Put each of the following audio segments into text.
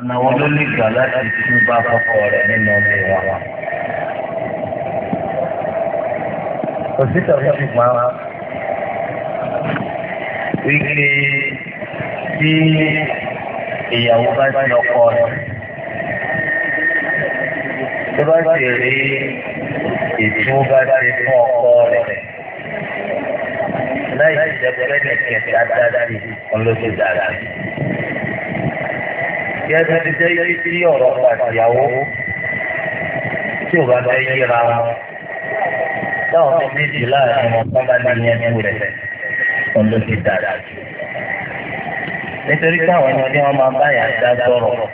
ọ̀nà wọn ló lè gbà láti tún bá fọ́kọ rẹ̀ nínú ọmọ ìwà wa. òsítọ̀ fún ìgbà wa wípé tí ìyàwó bá ti ọkọ rẹ̀ tó bá ti rí ìtú bá ti fún ọkọ rẹ̀ láì jẹ́ pẹ́ẹ́nì kẹta dáadáa ọlọ́dún dáadáa ìyẹn tó ti jẹ́ sí ọ̀rọ̀ pàṣẹyàwó tí ò bá fẹ́ yíra wọn táwọn méjèèjì láàrin wọn kọ́ bá ní ẹnu rẹ̀ wọn ló ti dára jù nítorí káwọn ẹni tí wọn máa bá yà dá sọ̀rọ̀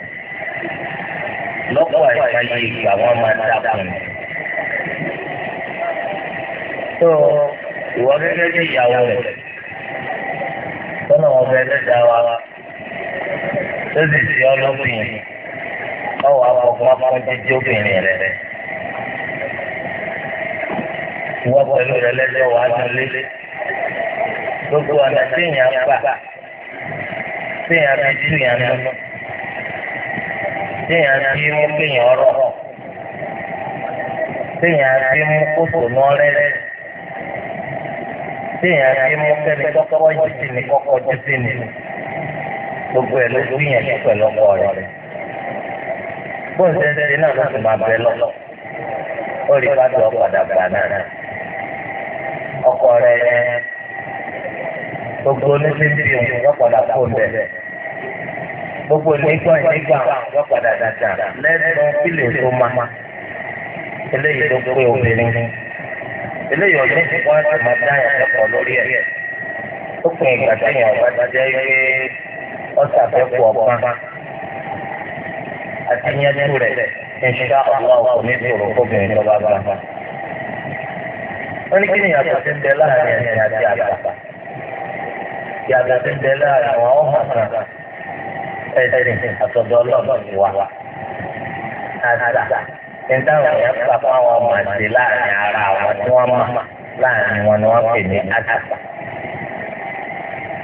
lọ́pọ̀ àìsàn yìí ìgbà wọn máa dàkùn tó ìwọ gẹ́gẹ́ bí ìyàwó rẹ̀ tọ́nà wọn bẹ ẹlẹ́dàá wa. Ezizi sì sí ọ lóbìnrin ọwọ́ àfọ̀gbọ́n fún jíjí obìnrin rẹ̀ wọ́n pẹ̀lú rẹ̀ lẹ́sẹ̀ wàá dúnlé gbogbo ọ̀nà téèyàn gbà téèyàn fi túyàn nínú téèyàn fi mú kéèyàn ọ̀rọ̀ téèyàn fi mú kótó nọ́rẹ́rẹ́ téèyàn fi mú kẹ́ni kọ́kọ́ jù sí ni kọ́kọ́ jù sí ni. gbogbo ẹ̀ ló gbìyànjú pẹ̀lú ọkọ rẹ̀ bóńsẹ̀nsẹ̀ náà ló máa bẹ lọ ó rí bá tó padà gbà náà ọkọ rẹ̀ gbogbo oníṣẹ́bí òun ló kó bẹ̀ gbogbo nígbà dàda lẹ́nu tó eléyìí ló pé obìnrin eléyìí ọdún tí wọ́n ti máa dá lórí ẹ̀ ó jẹ́ ọ̀sàfẹ́kù ọ̀kan àti yẹtu rẹ̀ ìṣá ọ̀la ọ̀kọ̀ ní ìṣòro fóbìnrin lọ́ba bá. wọ́n ní kí ni yàtọ̀ ti ń bẹ láàrin ẹ̀yìn àti àgbà yàtọ̀ ti ń bẹ láàrin àwọn ọmọ kan ẹ̀sìn àtọ̀dọ̀ ọlọ́run ti wà àdá ìdáhùn yẹn pàpà wọn mà sí láàrin ara wọn tí wọ́n mọ̀ láàrin wọn ni wọ́n pè ní àdàpà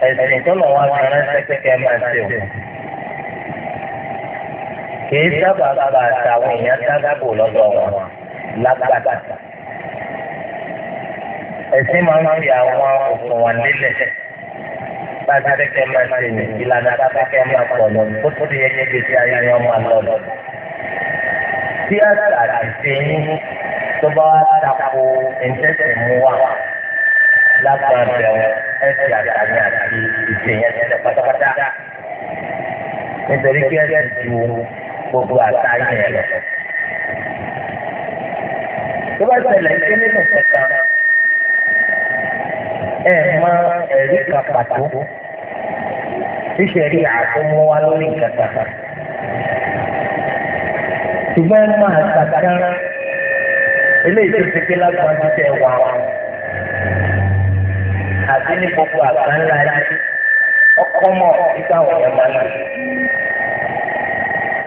ẹ̀sìn tó lọ́wọ́ àtàrà sẹ́kẹ̀kẹ́ máa ṣe o. kìí sábà bàbà àtàwọn èèyàn dábàbò lọ́dọ̀ wọn lágbàdà. ẹ̀sìn máa ń fi àwọn òfin wọn lélẹ̀. bàbá kẹ́kẹ́ máa ṣe ní ìlànà bàbá kẹ́kẹ́ máa pọ̀ lọ bó tó di ẹyẹ gbèsè ayé wọn máa lọ lọ. tí àṣà àti ṣe yín tó bá dàpọ̀ ẹ̀ńtẹ̀sẹ̀ mú wá wá látọ̀ bẹ̀rẹ̀ ẹ̀sìn àtàní àti ìṣèyẹn ti tẹ̀ pátápátá. nítorí kí ẹ̀sìn ju gbogbo àtàyè ẹ̀ lọ. tó bá ṣẹlẹ̀ ṣé nínú kankan ẹ̀ mọ ẹ̀rí kan pàtó ṣíṣẹ̀rí àtúmọ̀ wa lórí kankan. ṣùgbọ́n máa ṣàkàrà eléyìí tó ti pé lágbàdo tẹ̀ wá àti ní gbogbo àgbà ńlá yìí ọkọ mọ̀ nígbà wọ̀nyẹn máa lọ.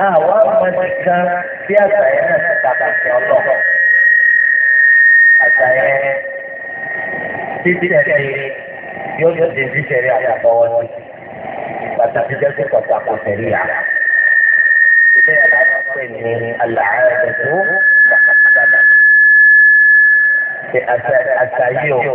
Àwọn ọmọdé kan bí àgbà yẹn náà ti dàgbà sí ọlọ́run. Àgbà yẹn títí ẹ̀sìn yóò ló di títẹ̀rí àtàkọ́wọ́ ní pàtàkì jẹ́ pé kọ̀tà kò tẹ̀lé yà. Ilé ìlànà pè ní àlàáyé tó pàtàkì dáadáa. Ṣé àṣà yìí o?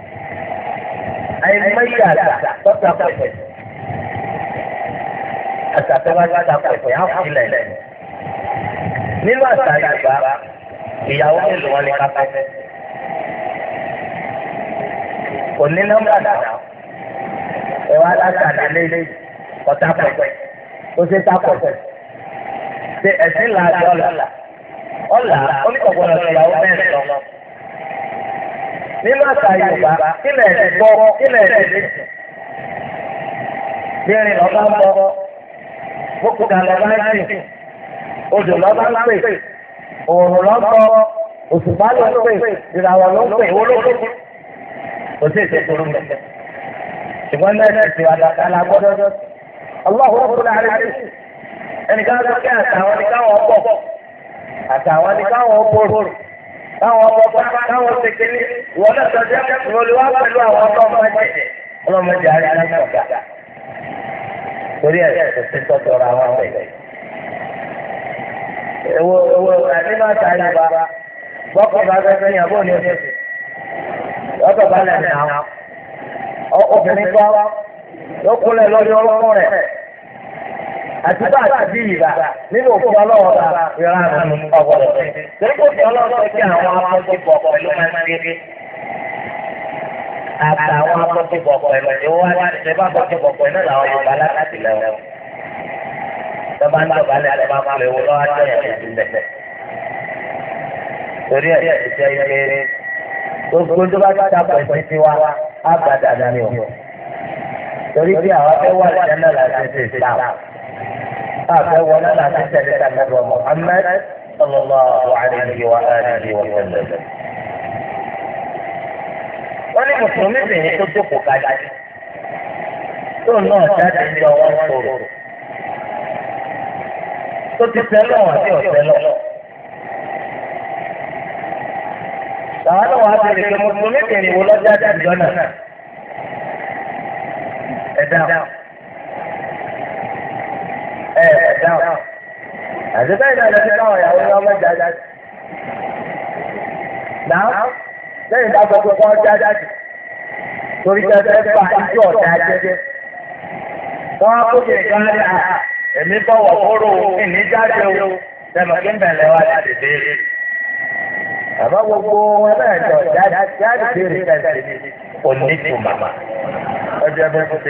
àìmọye àgbà tọ́ta pẹ̀pẹ̀. Àtàtọ́ bá tọ́ta pẹ̀pẹ̀ á fi lẹ̀ lẹ̀. Nínú àṣà Yorùbá, ìyàwó mélòó wọn ni ká fẹ́? Kò ní nọ́mbà náà. Ẹ wá látàdá lélé ọ̀tá pẹ̀pẹ̀. Ó ṣe tá pẹ̀pẹ̀. Ṣé ẹ̀sìn làá di ọ̀la? Ọ̀la, ó ní kọ̀ọ̀kan lọ ìyàwó mẹ́rin lọ́wọ́ nínú àṣà Yorùbá kílẹ̀ ẹ̀dẹ̀gbọ́ kílẹ̀ ẹ̀dẹ̀gbẹ́. Bírin lọ́ba ń bọ̀, bókúta lọ́ba ń sìn, odò lọ́ba ń pè, òòrùn lọ́bọ̀, òṣùpá ló ń pè, ìràwọ̀ ló ń pè, owó ló ń pè. Kò sí ètò ìṣòro mọ̀. Ṣùgbọ́n náà ti wà dáadáa gbọ́dọ̀. Ọlọ́run ó kúrò àárẹ̀ ẹnìkan ló kí àtàwọn ní káwọn ọ̀pọ̀ àtàwọn ní káwọn ọ̀pọ̀ káwọn ọba káwọn ṣèkéle wọn náà sọjá olùwà pẹ̀lú àwọn ọmọdé sọgá torí ẹ kò sí tọtọrọ ewo ewo máa ọ rẹ̀. àti bá àti bí ìrà nínú òfin ọlọ́wọ́ ta ìrà àánú ọ̀gbọ̀dọ̀ fẹ́. torí kò fi ọlọ́wọ́ sọ kí àwọn akọ́síbọ̀ pẹ̀lú máa ń kéré. àtàwọn akọ́síbọ̀ pẹ̀lú ni wọ́n wá ṣe bá akọ́síbọ̀ pẹ̀lú làwọn Yorùbá láti lẹ́wọ̀. tọ́ba ń tọ́ba lẹ́ tọ́ba máa lè wọ́n lọ́wọ́ àjọyọ̀ ìdílé. torí ẹ̀ ṣiṣẹ́ ilé gbogbo tó bá dàpọ̀ ìpín tiwa á gbàdàdà ni ò torí bí àwọn fẹ́ wà lẹ́nu àti ìsìlámù هذا ولا لا تسأل عن نبوة محمد صلى الله عليه وآله وسلم wọ́n ní mùsùlùmí bìnrin tó jókòó kájà tó náà jáde ní ọwọ́ sòrò tó ti tẹ́lọ̀ àti ọ̀tẹ́lọ̀. Àwọn náà wàá bèrè pé mùsùlùmí bìnrin wo lọ́jà jáde lọ́nà. Ẹ dáhùn. dáhùn àti bẹ́ẹ̀ náà lọ́sí káwọn ìyàwó ni wọ́n mọ̀ jáde. Náà lẹ́yìn dáàbò pé wọ́n jáde torí pé ẹgbẹ́ bá ijó ọ̀tá jẹ́jẹ́. Wọ́n á kókè bọ̀wọ̀ kóró ìní jáde o kí n wá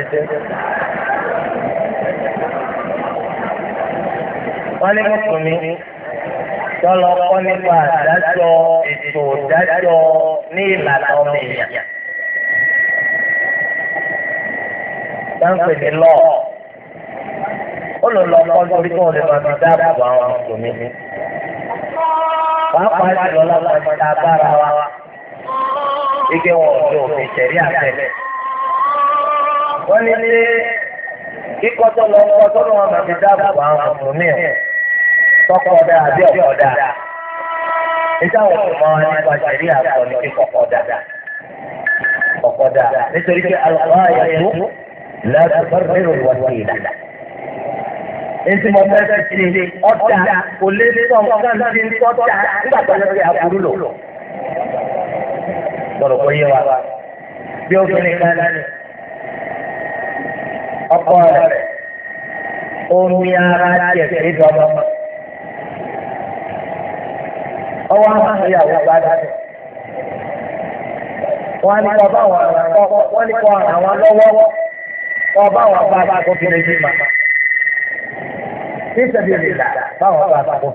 béèrè. wọ́n ní mùsùlùmí tọ́lọ kọ́ nípa àdájọ́ ètò ìdájọ́ ní ìlànà ọmọ èèyàn. Sáńpẹ̀ ní lọ́ọ̀. Ó lò lọ kọ́ nítorí kí wọ́n lè máa fi dáàbò àwọn mùsùlùmí. Pàápàá jùlọ lọ́wọ́ ti ta bára wa. Ike wọn ò ní òfin tẹ̀lé àtẹ̀lẹ̀. Wọ́n ní ṣé kíkọ́ tọ́lọ kọ́ tọ́lọ wọn máa fi dáàbò àwọn mùsùlùmí ẹ̀ tọ́kọ̀ ọ̀dà àbí ọ̀dà ìtàwọn ọmọ nípa ìṣẹ̀lẹ̀ àkọ́ ní kíkọ̀kọ̀ dà kọ̀kọ̀ dà nítorí pé àwọn àyàtú lẹ́tọ̀ọ́rẹ́rù wọ̀nyí ìlànà. Èsì mo fẹ́ fẹ́ ṣe ọ̀dà kò lé sọ̀kan sí ọ̀dà nígbà tó lọ sí àbúrú lò. Bọ̀dọ̀ kò yé wa bí obìnrin kan lẹ́nu ọkọ rẹ̀ omi ara tiẹ̀ sí ìdọ́gbọ́n. wọ́n á fi àwọn ọba dálẹ̀. Wọ́n á ní kọ́ bá wọn àwọn wọ́n ní kọ́ àwọn lọ́wọ́ kọ́ bá wọn bá bá kó kiri sí màmá. Nítorí mi là báwọn bá bá kó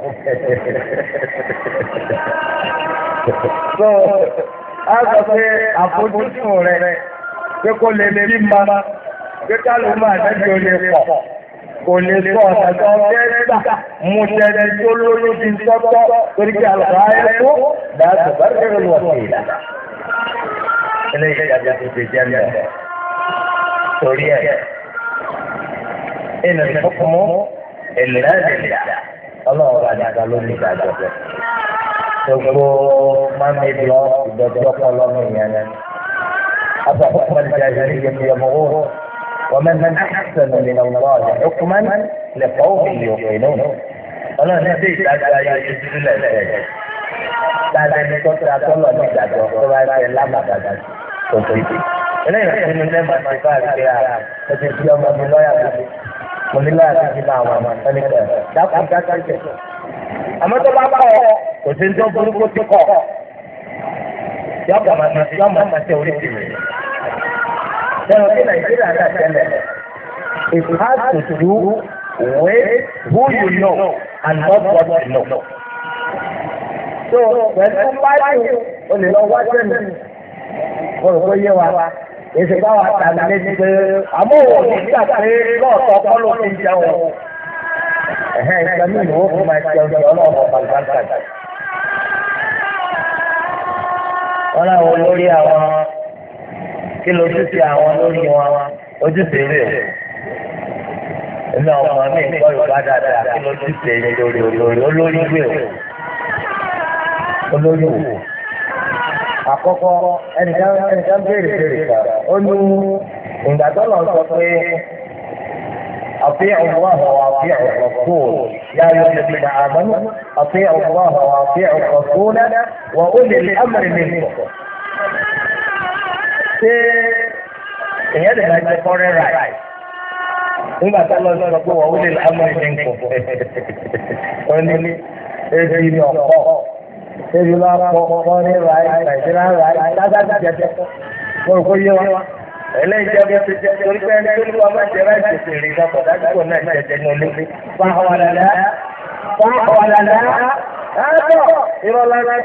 So, a sọ pé àfojúsùn rẹ̀ pé lè lè rí màmá pé máa dájú pọ̀. kò lè sọ ọ̀nà tó fẹ́ gbà mú tẹ̀lé tó lóyún ti sọ́tọ̀ torí kí àlùkò ayé tó dàtò bá tẹ̀lé lọ sí ìlà. eléyìí ìyàgbé ti fi jẹ́ mẹ́rin torí ẹ̀ ìnàbí fún mú ìlà ìlà ọlọ́run bá dàgbà lórí ìdájọ́ gbogbo mami lọ ìdọ́jọ́ kọ́ lọ́mọ ìyẹn náà. أفحكم الجاهلية يبغون ومن أحسن من الله حكما لقوم يوقنون ọlọ́run ní bí ìdájọ́ ayé ìdílé lẹ́sẹ̀ rẹ̀ láti ẹni tó tẹ atọ́lọ̀ ní ìdájọ́ tó bá ṣe lábàdàdà tó tó ibi. eléyìí fún mi lẹ́mọ̀ ti bá rí pé a ẹsẹ̀ tí ọmọ mi lọ́ọ̀yà tuntun mo ní lọ́ọ̀yà tuntun máa wà wọn ẹni kẹ̀ dákun dákun jẹ. àmọ́ tó bá bá ọ kò sí ní tó burúkú tó kọ̀ yọ̀ọ̀mọ̀ ti orí ti rè ẹ̀rọ ní nàìjíríà náà tẹ́lẹ̀ it has to do with who you know and not what you know. so pẹ̀lú báyìí o lè lọ wá sẹ́nu mo rò pé yé wa èsì báwa tà ní létí pé àmọ́ òun ní gbà pé lọ́ọ̀tọ̀ kọ́ ló ti jẹun ẹ̀hẹ́ ìgbàmí ìwò fún máa ṣe ọjọ́ ọlọ́ọ̀bọ̀ bàbá bàbá. wọ́n láwọn olórí àwọn kí ló ojúṣe àwọn lórí wọn ojúṣe rẹ̀ ẹ̀mí ọmọ mi ìkọ́ yorùbá dáadáa kí ló ojúṣe rẹ̀ lórí olórí olórí rẹ̀ olórí wò. àkọ́kọ́ ẹnìkan ẹnìkan béèrè béèrè kan ó ní ìgbà tó lọ sọ pé أطيعوا الله وأطيعوا الرسول يا أيها الذين آمنوا أطيعوا الله وأطيعوا الرسول وأولي الأمر منكم ṣé èyàn lè máa jẹ kọ́rẹ́ rà nígbà tó lọ sọ pé wọ́n wúlò lámúrin ní nkù ó ní ebi ní ọ̀pọ̀ ebi bá pọ̀ kọ́rẹ́ rà nàìjíríà rà lágbàdo jẹjẹ mo rò pé yé wa eléyìí jẹ bí jẹ torí pé ẹni tó ní wọn máa jẹ bá jẹ fèrè ìgbà pọ̀ dájú kò náà jẹjẹ ní olóògbé fáwọn àlàlá fáwọn àlàlá ẹ̀ẹ́dọ̀ ìrọ̀lá rẹ̀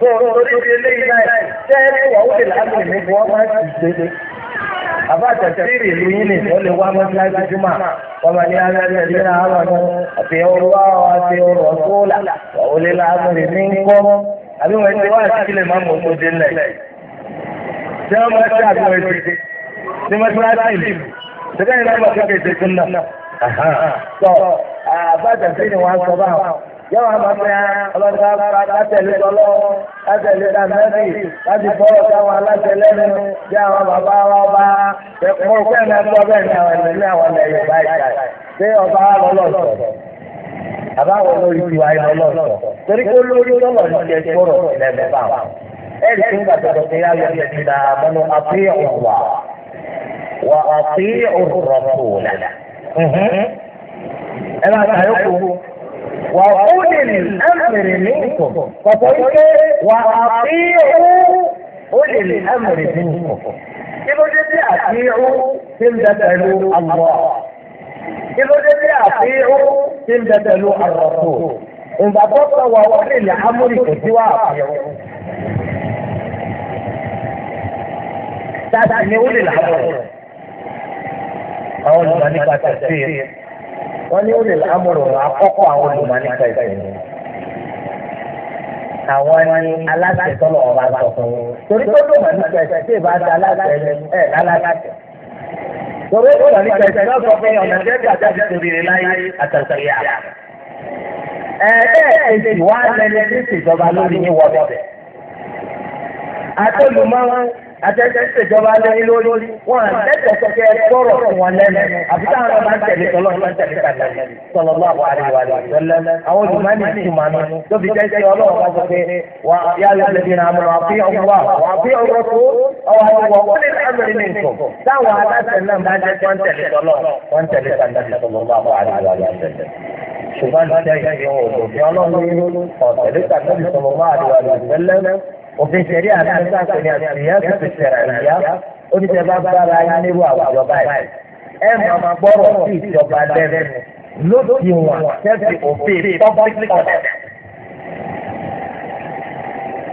tó orí eléyìí náà ṣé ẹni wà ó lè láàbù mi bí wọ́n máa ń ti gbé àbá àtẹ̀tẹ̀ sí ìlú yín ni ó lè wá mọ́ sí ajájúmọ́ wọ́n máa ní alẹ́ ní àwọn ọmọ àti ọlọ́wọ́ àti ọ̀rọ̀ sóòlà wà ó lè láàbù mi ní kọ́ àbí wọ́n ti wá àti ilé máa mọ̀ ọmọdé lẹ̀ ṣé wọ́n máa ṣe àbúrò ẹ̀sìn ṣé wọ́n ti wá sí ìlú ṣé yọ̀wọ̀ àmàfẹ́ ọlọ́dún afra látẹ̀lé tọ́lọ́ látẹ̀lé tàmẹ́rì láti bọ́ọ̀ táwọn aláṣẹ lẹ́nu bí àwọn bàbá wa ọba mo fẹ́ náà gbọ́ bẹ́ẹ̀ ni àwọn ẹ̀mí ní àwọn ẹ̀yọ̀ báyìí ṣé ọba lọ́lọ́ sọ àbáwọ̀ lórí tiwa yìí lọ́lọ́ sọ torí pé olórí tọ́lọ̀ ní ṣe gbọ́rọ̀ lẹ́nu bá wa ẹ̀rí ń gbàgbọ́ wà kúlì ẹ̀mìrì nìkùn kọ̀tọ̀ wípé wà á fi owó kúlì ẹ̀mìrì nìkùn. kí ló dé bí àti ìhú ti ń bẹ pẹ̀lú àlọ́ kí ló dé bí àti ìhú ti ń bẹ pẹ̀lú àlọ́ tó ìgbà tó sọ wà wọlé ní amúrì kò sí wà á fi owó. dáadáa ni wọlé làwọn ọ̀rọ̀ àwọn olùdarí bá tẹ̀sí. wọ́n ní olè àwọn àwọn ni aláṣẹ tọ́lọ̀ ọba sọ fún un torí tó dùn mọ̀nìkà ìsìn tí ìbá da aláṣẹ ẹ̀ láláṣẹ. torí ó dùn mọ̀nìkà ìsìn náà sọ pé ọ̀nà jẹ́jẹ́ àtàkì torí láyé àtàkì yà. ti wá lórí yín wọ àtẹ̀tẹ̀ ìjọba lẹ́yìn lórí wọn àtẹ̀tẹ̀ kẹ̀kẹ́ gbọ́rọ̀ fún wọn lẹ́nu àbí táwọn ọmọ máa ń tẹ̀lé tọ́lọ́ máa ń tẹ̀lé kàtà sọ̀rọ̀ bá wà á wà á lọ́lẹ́ àwọn olùmọ̀ọ́nì ti máa nù tó jẹ́ sẹ́ ọlọ́run wá sọ pé wà á yá lọ lẹ́bi náà mọ̀ ọ̀gbọ́n wà àfi ọ̀rọ̀ tó ọwọ́ àti wọ̀ ó lè sẹ́mìrì òfin ṣẹ̀rí àtúntà pé ní àtúnyá tó ti ṣẹ̀rẹ̀ ìyá ó ní sẹ́fà gbára yín nírú àwùjọ báyìí. ẹ máa ma gbọ́rọ̀ sí ìjọba lẹ́rẹ́ lódì wọn sẹ́fì òfin public order.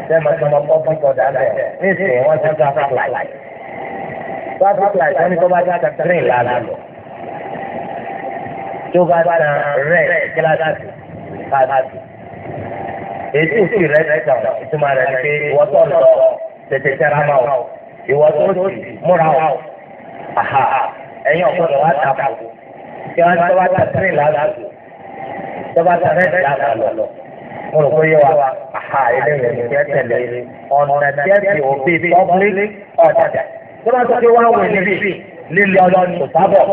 sẹ́mi ọmọ public order bẹ́ẹ̀ ní ìsìn wọn ti traffic light. traffic light wọn ni tó bá dá green lálẹ́ lọ. tó bá dá red kíláàsì káàdì ètò òsì rẹ nìkan ìtumọ̀ rẹ ni pé ìwọ tó lọ tètè tẹ́ra ma o ìwọ tó sì múra o aha ẹ̀yin ọ̀gbọ́dọ̀ wá tàbí kí wọ́n tó bá ta tírì lálàgò tó bá ta rẹ̀ lálàgò lọ mo rò pé yé wa aha eléyìí ẹni tí ẹ tẹ̀lé ọ̀nà tí ẹ fi òbí pọ́blí ọ̀dàdà tó bá tó ké wá wò níbí lílé ọlọ́ni kò sábọ̀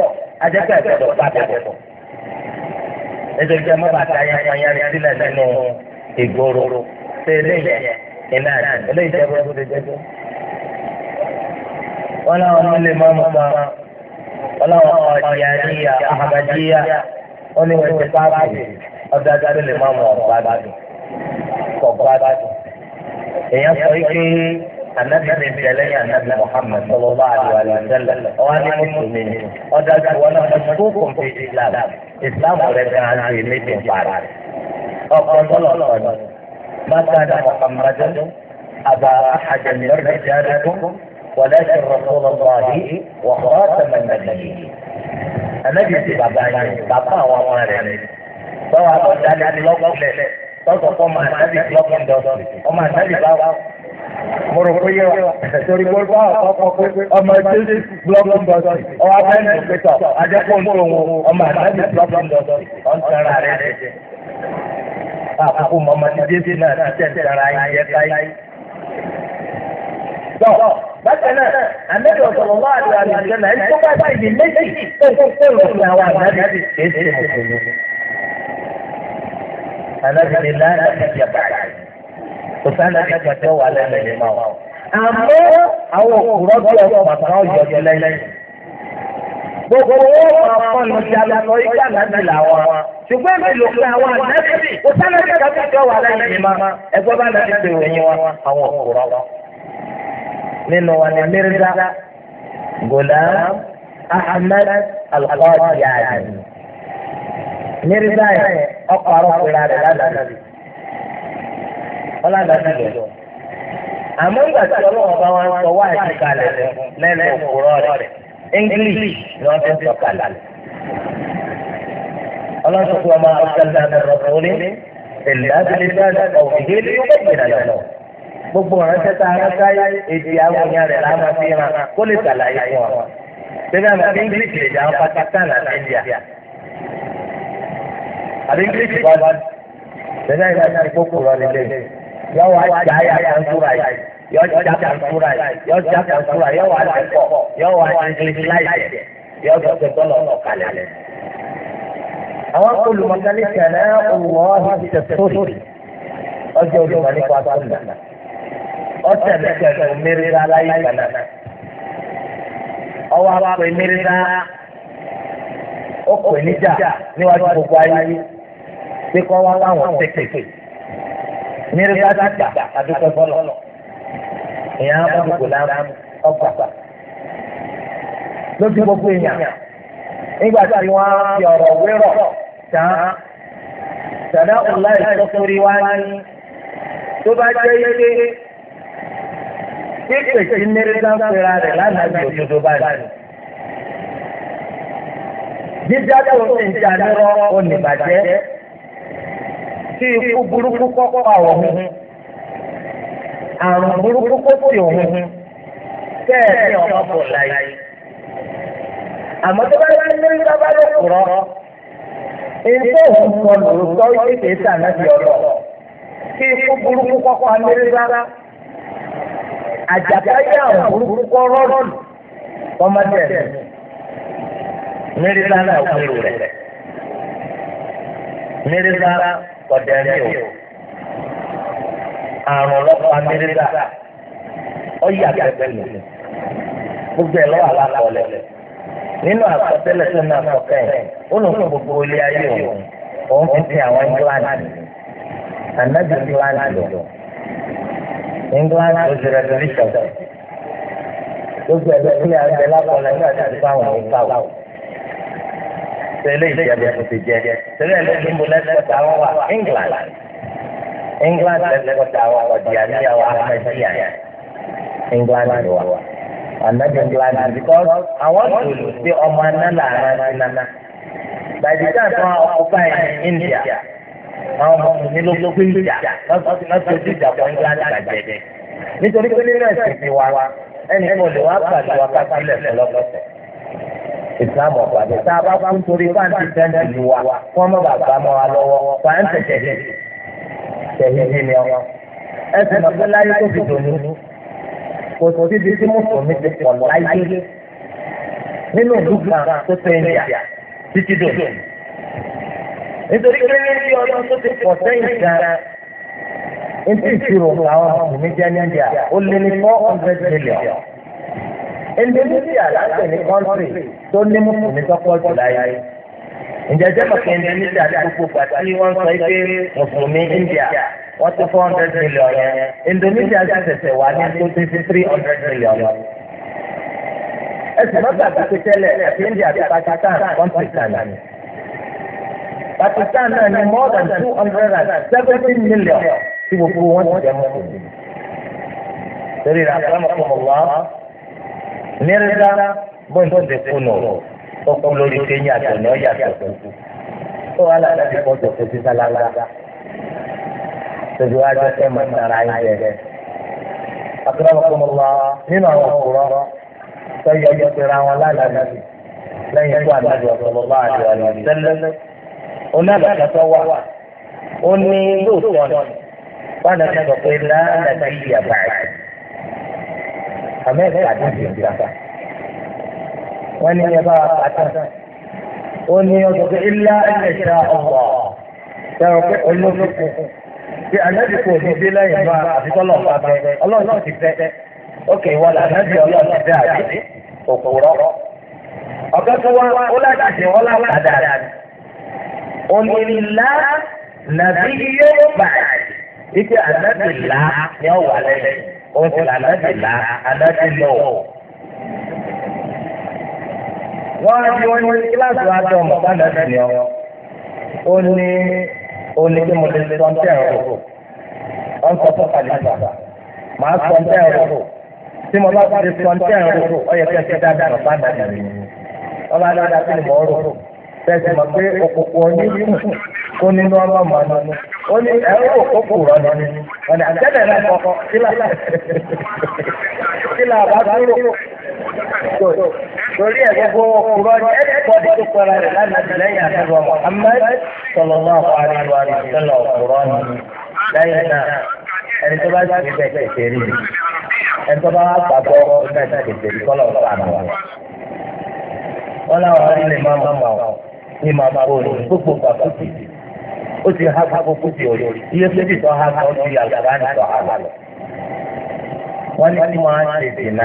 ajẹ́pẹ́ ẹ̀gbọ́dọ̀ padà bọ̀ ẹ̀dẹ̀gbẹ́ mọ́ bàtà yẹn yẹn sílẹ̀ nínú ìgboro ṣe eléyìí iná eléyìí jẹ́ bọ́ọ̀ tó jẹ́ jẹ́. wọ́n láwọn ọmọ lè máa mú ma wọ́n láwọn ọmọ ọ̀dìyà níyà àhàbàdíyà wọ́n ní wọ́n ti káàbì ọ̀dà dáadé lè máa mú ọ̀gbádùn kọ̀gbádùn. èèyàn sọ ike anabi mi tẹ̀lé ní anabi muhammed sọlọ́lá àdìwálé tẹ́lẹ̀ ọ̀hún ní mùsùlùmí ni ọ̀dà wọn náà mọ̀ tó islam islam rẹ̀ gan-an ṣe méjì parí ọkọ̀ tọ́lọ̀ kọ̀ ni. Mákàdá Mùhàmmadu àbá àhàjẹ̀mí lọ́dún ولكن رسول الله وخاتم النبيين النبي ti bàbá yẹn bàbá àwọn ọmọ rẹ̀ ni tọ́wọ́ àbọ̀dá ni lọ́kùnlẹ̀ tọ́sọ̀ fún ọmọ àtàbí lọ́kùn dọ̀sọ̀ ọmọ àtàbí báwa mo rò pé yẹ wa torí mo bá ọkọ pé ọmọ jésù lọ́kùn dọ̀sọ̀ ọwọ́ abẹ́ni òpétọ̀ ajẹ́pọ̀ ń tó wọn ọmọ àtàbí lọ́kùn dọ̀sọ̀ ọ̀ ń tẹ̀ra rẹ̀ jẹ́ àkókò mọ́mọ́dé jésù náà ti tẹ̀ dára yẹ káyé. Lọ bákan náà, àmẹ́bí ọ̀sọ̀rọ̀ wá àdúrà rẹ̀ jẹ́ náà, ẹ̀sùn bá ti di méjì tó ń pè lọ sí àwọn àgbàdì kìí ṣe mùsùlùmí. Ànábìrin lára ti jẹ bàrà. Kò sáná ti jẹ wà lẹ́nu ìmọ̀. Àmọ́ àwọn òkúrọ́ bí ọkọ̀ kan yọjọ lẹ́yìn. gbogbo wọn kọ́ ní ìyàtọ̀ ìgbà nàbì làwọn. ṣùgbọ́n mi lò pé àwọn ànábì kò sálẹ̀ ní kàbí ìjọ wà lẹ́yìn mi ma ẹgbẹ́ bá nàbì pé òyìn wọn àwọn òkúrọ̀ nínú ni yẹn ọkọ̀ àmọ́ ìgbà tí ọlọ́wọ́ bá wọn sọ wáyé lẹ́nu òkúrọ̀ English ni wọ́n fi ń sọ̀kalẹ̀. ọlọ́sọ̀kú ọmọ ọ̀sẹ̀lẹ̀ àmẹ́rọ̀ kọ́lé èlé àbílẹ̀dá ọ̀gbìn èlé yóò gbẹ̀yìn àlọ́ lọ. gbogbo ìránṣẹ́ tá a rántá èdè àwọn èèyàn rẹ̀ fi hàn kó lè ṣàlàyé fún ọ. bẹ́ẹ̀ ni àbí English lè jà wọn Pakistan India. àbí English bá wà bẹ́ẹ̀ ni àbí gbogbo ìrọ̀lẹ́ yọ wá jà yà yọ ọjà kan yọ ọjà kan yọ wà lẹ́kọ̀ọ́ yọ wà english láìsẹ̀ yọ sọ pé tọ́lọ̀ ọ̀nà kalẹ̀ àwọn olùmọ̀kálí kẹlẹ́ ọ̀wọ́ ìtẹ̀sọ́rì ọjọ́ olùmọ̀ nípa sọ́nà ọ̀tẹ̀ lẹ́kẹ̀ẹ́ mẹ́rẹ́rẹ́ aláìsàn náà ọwọ́ àwọn àpè mẹ́rẹ́rẹ́ ó níwájú gbogbo ayé pé kọ́ wá láwọn tètè mẹ́rẹ́rẹ́ àti àdúgbò bọ́lọ̀. èèyàn ọdún lára lójú gbogbo èèyàn nígbà tí wọ́n fi ọ̀rọ̀ wérọ̀ tán sàdá ọ̀la ìsọkúri wá ní tó bá jẹ́ ike pípè tí mẹ́rẹ́dá fẹ́ra rẹ̀ lánàá jíjá tó ń àrùn burúkú kó tì òun kẹ́ẹ̀ẹ́dì ọ̀pọ̀ kò láyé. àmọ́ tó bá yẹ ní bábá ló kúrọ́ ilé òun kọ lòótọ́ ìdíje sànàbí ọ̀rọ̀ kí ikú burúkú kọ́kọ́ amẹ́rẹ́rẹ́ àjàkáyé àrùn burúkú kọ́ rọ́ọ̀lù ọmọdé mẹ́rẹ́rẹ́ náà kúrò rẹ̀ mẹ́rẹ́rẹ́ kọ̀dẹ́rẹ́ o. àrùn ọlọ́pàá mẹ́rẹ́dà ọ̀yẹ́ àtẹ̀tẹ̀lẹ̀ gbogbo ẹ̀ lọ́wọ́ alákọ̀ọ́lẹ̀ nínú àkọsílẹ̀ tó náà sọ kẹ́ẹ̀ ó lọ fún gbogbo ilé ayé òun òun ti àwọn England ànájú England lọ England revolution gbogbo ẹ̀ lọ́wọ́ ilé ayé nígbà tí a ti fún àwọn ìgbà wò tẹ́lẹ̀ ìjẹ́bẹ̀ẹ́ tó ti jẹ́ England dan kota awal Qadiani England Anda because dulu di Oman lah Arabina. By the time orang occupy na àwọn ọmọ mi ló ló gbé ìjà lọ́sọ̀tún ìjà fún England àgbàjẹ́. Nítorí pé nínú ẹ̀sìn ti wa, islam tá a bá fún torí lu wa bàbá tẹ̀lé lílẹ̀ ọ. ẹ sì mọ̀ pé láyé tó fi dòní kò sí ibi tí mùsùlùmí ti pọ̀ láyé nínú ìlú kan tó tẹ India títí dòní. nítorí pé ní bí ọdún tó ti pọ̀ sẹ́yìn gan ntí ìṣirò àwọn mùsùlùmí jẹ́ ní India ó lé ní four hundred million. Indonesia láti ní kọ́ńtì tó ní mùsùlùmí tó pọ̀ jù láyé ìjẹjẹ mọ̀kẹ́ ní níta àti gbogbo pàtó ni wọ́n sọ pé mùsùlùmí India wọ́n ti four hundred million yẹn Indonesia ti tẹ̀sẹ̀ wá ní two three hundred million yẹn. ẹsùn mọ́tà ti ti tẹ́lẹ̀ àti India àti Pakistan one percent náà ni. Pakistan náà ni more than two hundred and seventy million tí gbogbo wọn ti jẹ́ mùsùlùmí. torí ra àkàrà mọ̀kọ́ mọ̀ wá ní rírá bóyá tó ti kú nù kọ́kọ́ lórí téyìn àtọ̀nà yàtọ̀ pẹ̀lú. ó wà láti fi pọ́jọ fún títà lágbára. tòjú wa jẹ́ sẹ́mọ̀ nara yín jẹ. àtúrọ̀mọ̀ kọ́ mọ́ lọ nínú àwọn òkúrọ̀ sọ́yọ́ yọ pera wọn lálàá lẹ́yìn tó àdájọ ọ̀sọ̀rọ̀ bá àdìwà lọ tẹ́lẹ̀. onábàkàtọ̀ wà ó ní lóòótọ́ ni wọn sọ pé láàrín àti ìyàbá rẹ̀ àmẹ́ẹ̀ká wọ́n ní ẹ bá àtàn ó ní ọjọ́ pé ilá ẹ̀ṣẹ̀ ọ̀gbà sẹ́wọ̀n pé olóṣèlú tí ànábì kò ní dé lẹ́yìn bá àfikọ́lọ̀ bá bẹ ọlọ́run ti fẹ́ ókè wọn là ànábì ọlọ́run ti fẹ́ àbí òkúrọ́ ọ̀gá tó wá ó láti ṣe nàbí yé bàjẹ́ ike ànábì là ọ̀wà lẹ́yìn ó ti là wọ́n á di oní kíláàsì ni ó ní ó ní kí mo lè sọ ń tẹ̀ ọ̀rọ̀ wọ́n sọ fún kàlífà màá sọ ń tẹ̀ ọ̀rọ̀ tí mo bá ti sọ ń tẹ̀ ọ̀rọ̀ ó yẹ dáadáa lọ bá dàbí mi. wọ́n bá dáadáa sí bẹ́ẹ̀ mọ̀ pé òkùnkùn kó ó torí ẹ̀ gbogbo ọkùnrin ọjọ́ ẹ̀kọ́dé tó pẹ́ra rẹ̀ láti lẹ́yìn àtẹ́wọ̀ Muhammad sọlọ́mọ́ àkọ́rin wa rẹ̀ sẹ́lẹ̀ ọkùnrin lẹ́yìn náà ẹni tó bá sì bẹ̀ kẹ̀kẹ́rì ẹni tó bá wà gbàgbọ́ ọ̀gá ìtàkùn kọ́lọ̀ ọ̀sán wa. wọ́n láwọn ọ̀rẹ́ lè máa máa máa ní máa máa bọ̀ ní gbogbo gbàgbọ́ ó ti ha gbogbo ti òyò iye fífi tó ha gbọ́ ti àgbà ní tó ha lọ. wọ́n ní kí wọ́n á ṣe ìdènà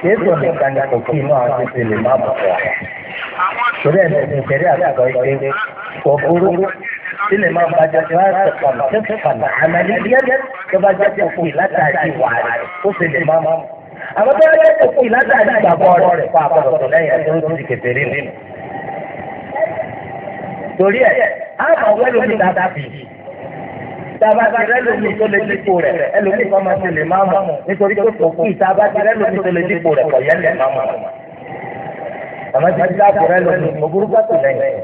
kìí tó ní ìkànnì kò kí inú àwọn títí lè má bọ̀ wá. torí ẹ̀sìn ìṣẹ̀lẹ̀ àgbàdo ìgbé kò burú tí lè má bá jẹ́ tó bá jẹ́ kú wà rẹ̀ sì lè má mọ́. tó yẹ kú ìgbàgbọ́ rẹ̀ fún lẹ́yìn ìtaba ti rẹ lómi tó lè dípò rẹ ẹlòmíì kan máa ṣe lè máa mọ nítorí pé kò kú ìtaba ti rẹ lómi tó lè dípò rẹ kò yẹ lè máa mọ. àmọ́ ti dá àpò rẹ lómi òbúrú bá tó lẹ́yìn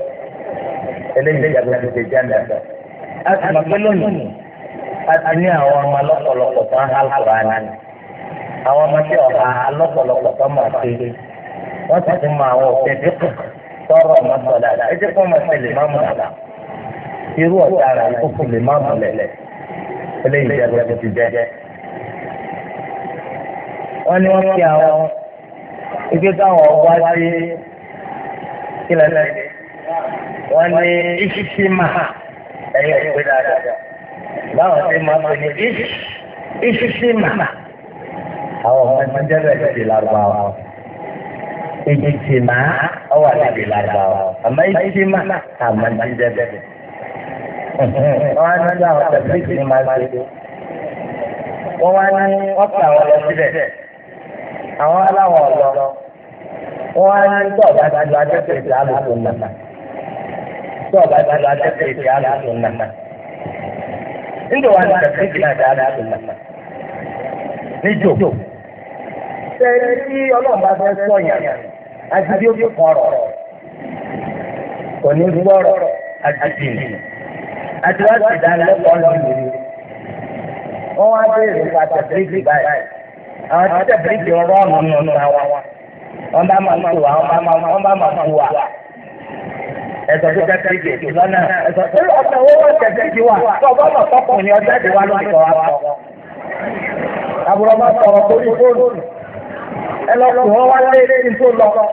eléyìí ìjàgbé ti ṣe jẹ́ndà. a ti mọ̀ pé lónìí a ti ní àwọn ọmọ lọ́pọ̀lọpọ̀ tó ń hàlù rárá ni àwọn ọmọ tí ọ̀ha lọ́pọ̀lọpọ̀ tó máa ṣe wọ́n ti tún mọ àwọn òfin dípò tọrọ ọmọ irú ọ̀daràn yìí lè má múlẹ̀ eléyìí jẹ́ bó ti jẹ́. wọ́n ní wọ́n fi àwọn ike káwọn wá sí kílẹ̀ náà wọ́n ní ìṣíṣímà ẹ̀yẹ ìpè dáadáa báwọn ṣe máa pè ní ìṣíṣímà àwọn ọmọ ẹgbẹ́ jẹ́ bẹ́ẹ̀ ti lárúbáwá ìjìjìmá ọwọ́ àti ìlàgbà ọmọ ìjìjìmá àmọ́ ìjìjẹ́ bẹ́ẹ̀ wọ́n á ní kí àwọn tẹ̀síkì ní máa ṣe. wọ́n wá ní wọ́n pè lọ síbẹ̀. àwọn aláwọ̀ ọ̀lọ́ wọ́n á ní tí ọ̀gá ti lọ akẹ́kọ̀ọ́ ìdí àlùkò nàmà. tí ọ̀gá ti lọ akẹ́kọ̀ọ́ ìdí àlùkò nàmà. níjọ wa ní tẹ̀síkì náà dáa àlùkò nàmà. níjọ. ṣé tí ọlọ́run bá fẹ́ sọ̀yàn àti bí ó fi kọ̀ ọ̀rọ̀ kò ní gbọ́rọ̀ àti àti wá sí ìdánilẹ́kọ̀ọ́ lórí ìwé. Wọ́n wá béèrè nípa tẹ̀bíríkì báyìí. Àwọn tí tẹ̀bíríkì ọ̀rọ̀ ọ̀nà nù nù ra wa. Wọ́n bá máa tu wa, wọ́n bá máa wọ́n bá máa tó tẹ̀bíríkì ètò lọ́nà. Ẹ̀sọ̀ tó ọ̀sẹ̀ owó wọ́n tẹ̀bíríkì ọjọ́ ìdíwá ló ti Àbúrò sọ̀rọ̀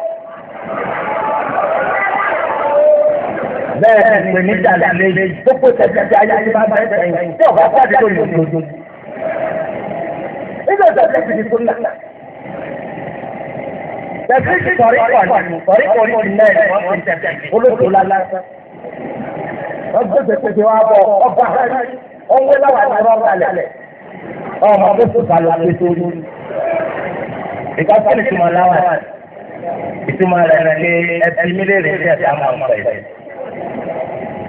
bẹ́ẹ̀ ti pè ní jàlè méjì gbogbo tẹ̀sẹ̀ tí ayé ti máa bẹ́ẹ̀ tẹ̀yìn tí ọ̀gá pàdé tó yòó dodo. Ibẹ̀ tẹ̀sẹ̀ ti di fúnlá. Tẹ̀sẹ̀ ti sọ̀rí kọ̀ọ̀nù sọ̀rí kọ̀ọ̀nù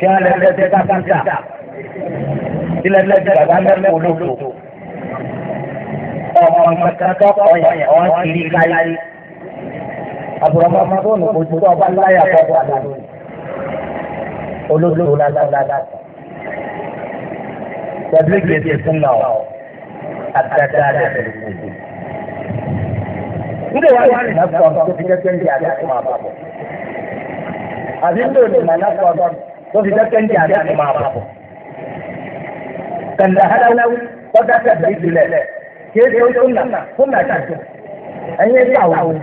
kí á lẹ́sẹ̀ tẹ́ káfíńtà ilẹ̀ lẹ́sẹ̀ bàbá mẹ́kọ̀ọ́ lóko ọmọ mẹ́ta tọkọ yẹn ọ̀ kiri káyé àbùrọ̀mọ́ fóònù ojú tó ọba láyà kọ́kọ́ àdánù olódòdó ládàdàdà pẹ̀lú gbèsè súnmọ́ àdàdà rẹ̀ ndé wà ní nàfọ̀ tó fi kẹ́kẹ́ ń di àdàkùn àbàbọ̀ àbí ndé òní nà nàfọ̀ tó tó fi dákẹ́ńtì àdáàtì máa bà bọ̀. kàndà halawu tó dákẹ́ bèrè jùlẹ̀ kìí ṣe fúnà fúnà ṣàtò ẹ̀yin ẹ̀ka àwọ̀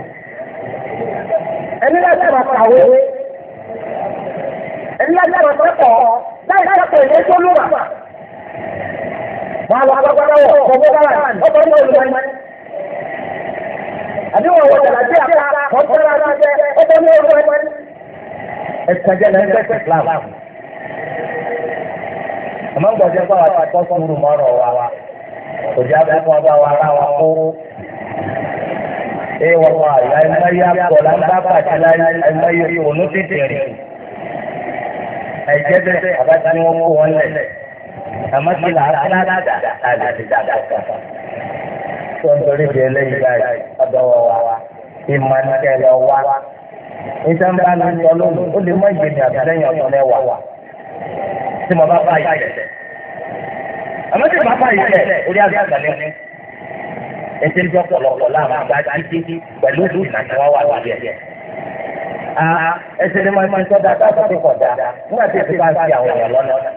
ẹni láti máa kàwé ẹni láti máa kẹ́kọ̀ọ́ láì kẹ́kọ̀ọ́ ìwé tó lù wà. wọn á lọ agbára wọ ọgbọ bára ọgbọ ní olùwẹ̀mẹ. àbí wọn wọ ìdàgbé àpá ọgbọ bára jẹ ọgbọ ní olùwẹ̀mẹ ẹ̀sìnkájẹ́ náà ẹgbẹ́ Islam. àmọ́ gbọ̀dọ̀ pé àwọn ti kọ́ sùúrù mọ́rọ̀ wa wa kò já bẹ́ẹ̀ kọ́ bá wa rá wa kó. ẹ wọ́n wá àyà ẹ̀mẹ́yà pọ̀ láńbá pàṣẹ láyé ẹ̀mẹ́yà ònú ti tẹ̀rì. ẹ̀jẹ̀ bẹ́ẹ̀ àbájá ni wọ́n kó wọn lẹ̀. àmọ́ kí làá kí làá dàda àti dàda kàkà. sọ́ńtòrí di eléyìí báyìí ọ̀dọ́ wa wa ìmọ̀ nítorí bá ló ń ó lè mọ ìgbèmí àtìlẹ́yìn ọ̀sán mẹ́wàá tí mo bá bá yìí tẹ̀. àmọ́ tí mo yìí tẹ̀ orí àgbàgbà ni ètò ìjọ pọ̀lọpọ̀ láàmú àgbà títí pẹ̀lú ìlú wà wà ẹsẹ̀ ni mo máa ń tó nígbà tí bá ń fi àwọn èèyàn lọ́nà.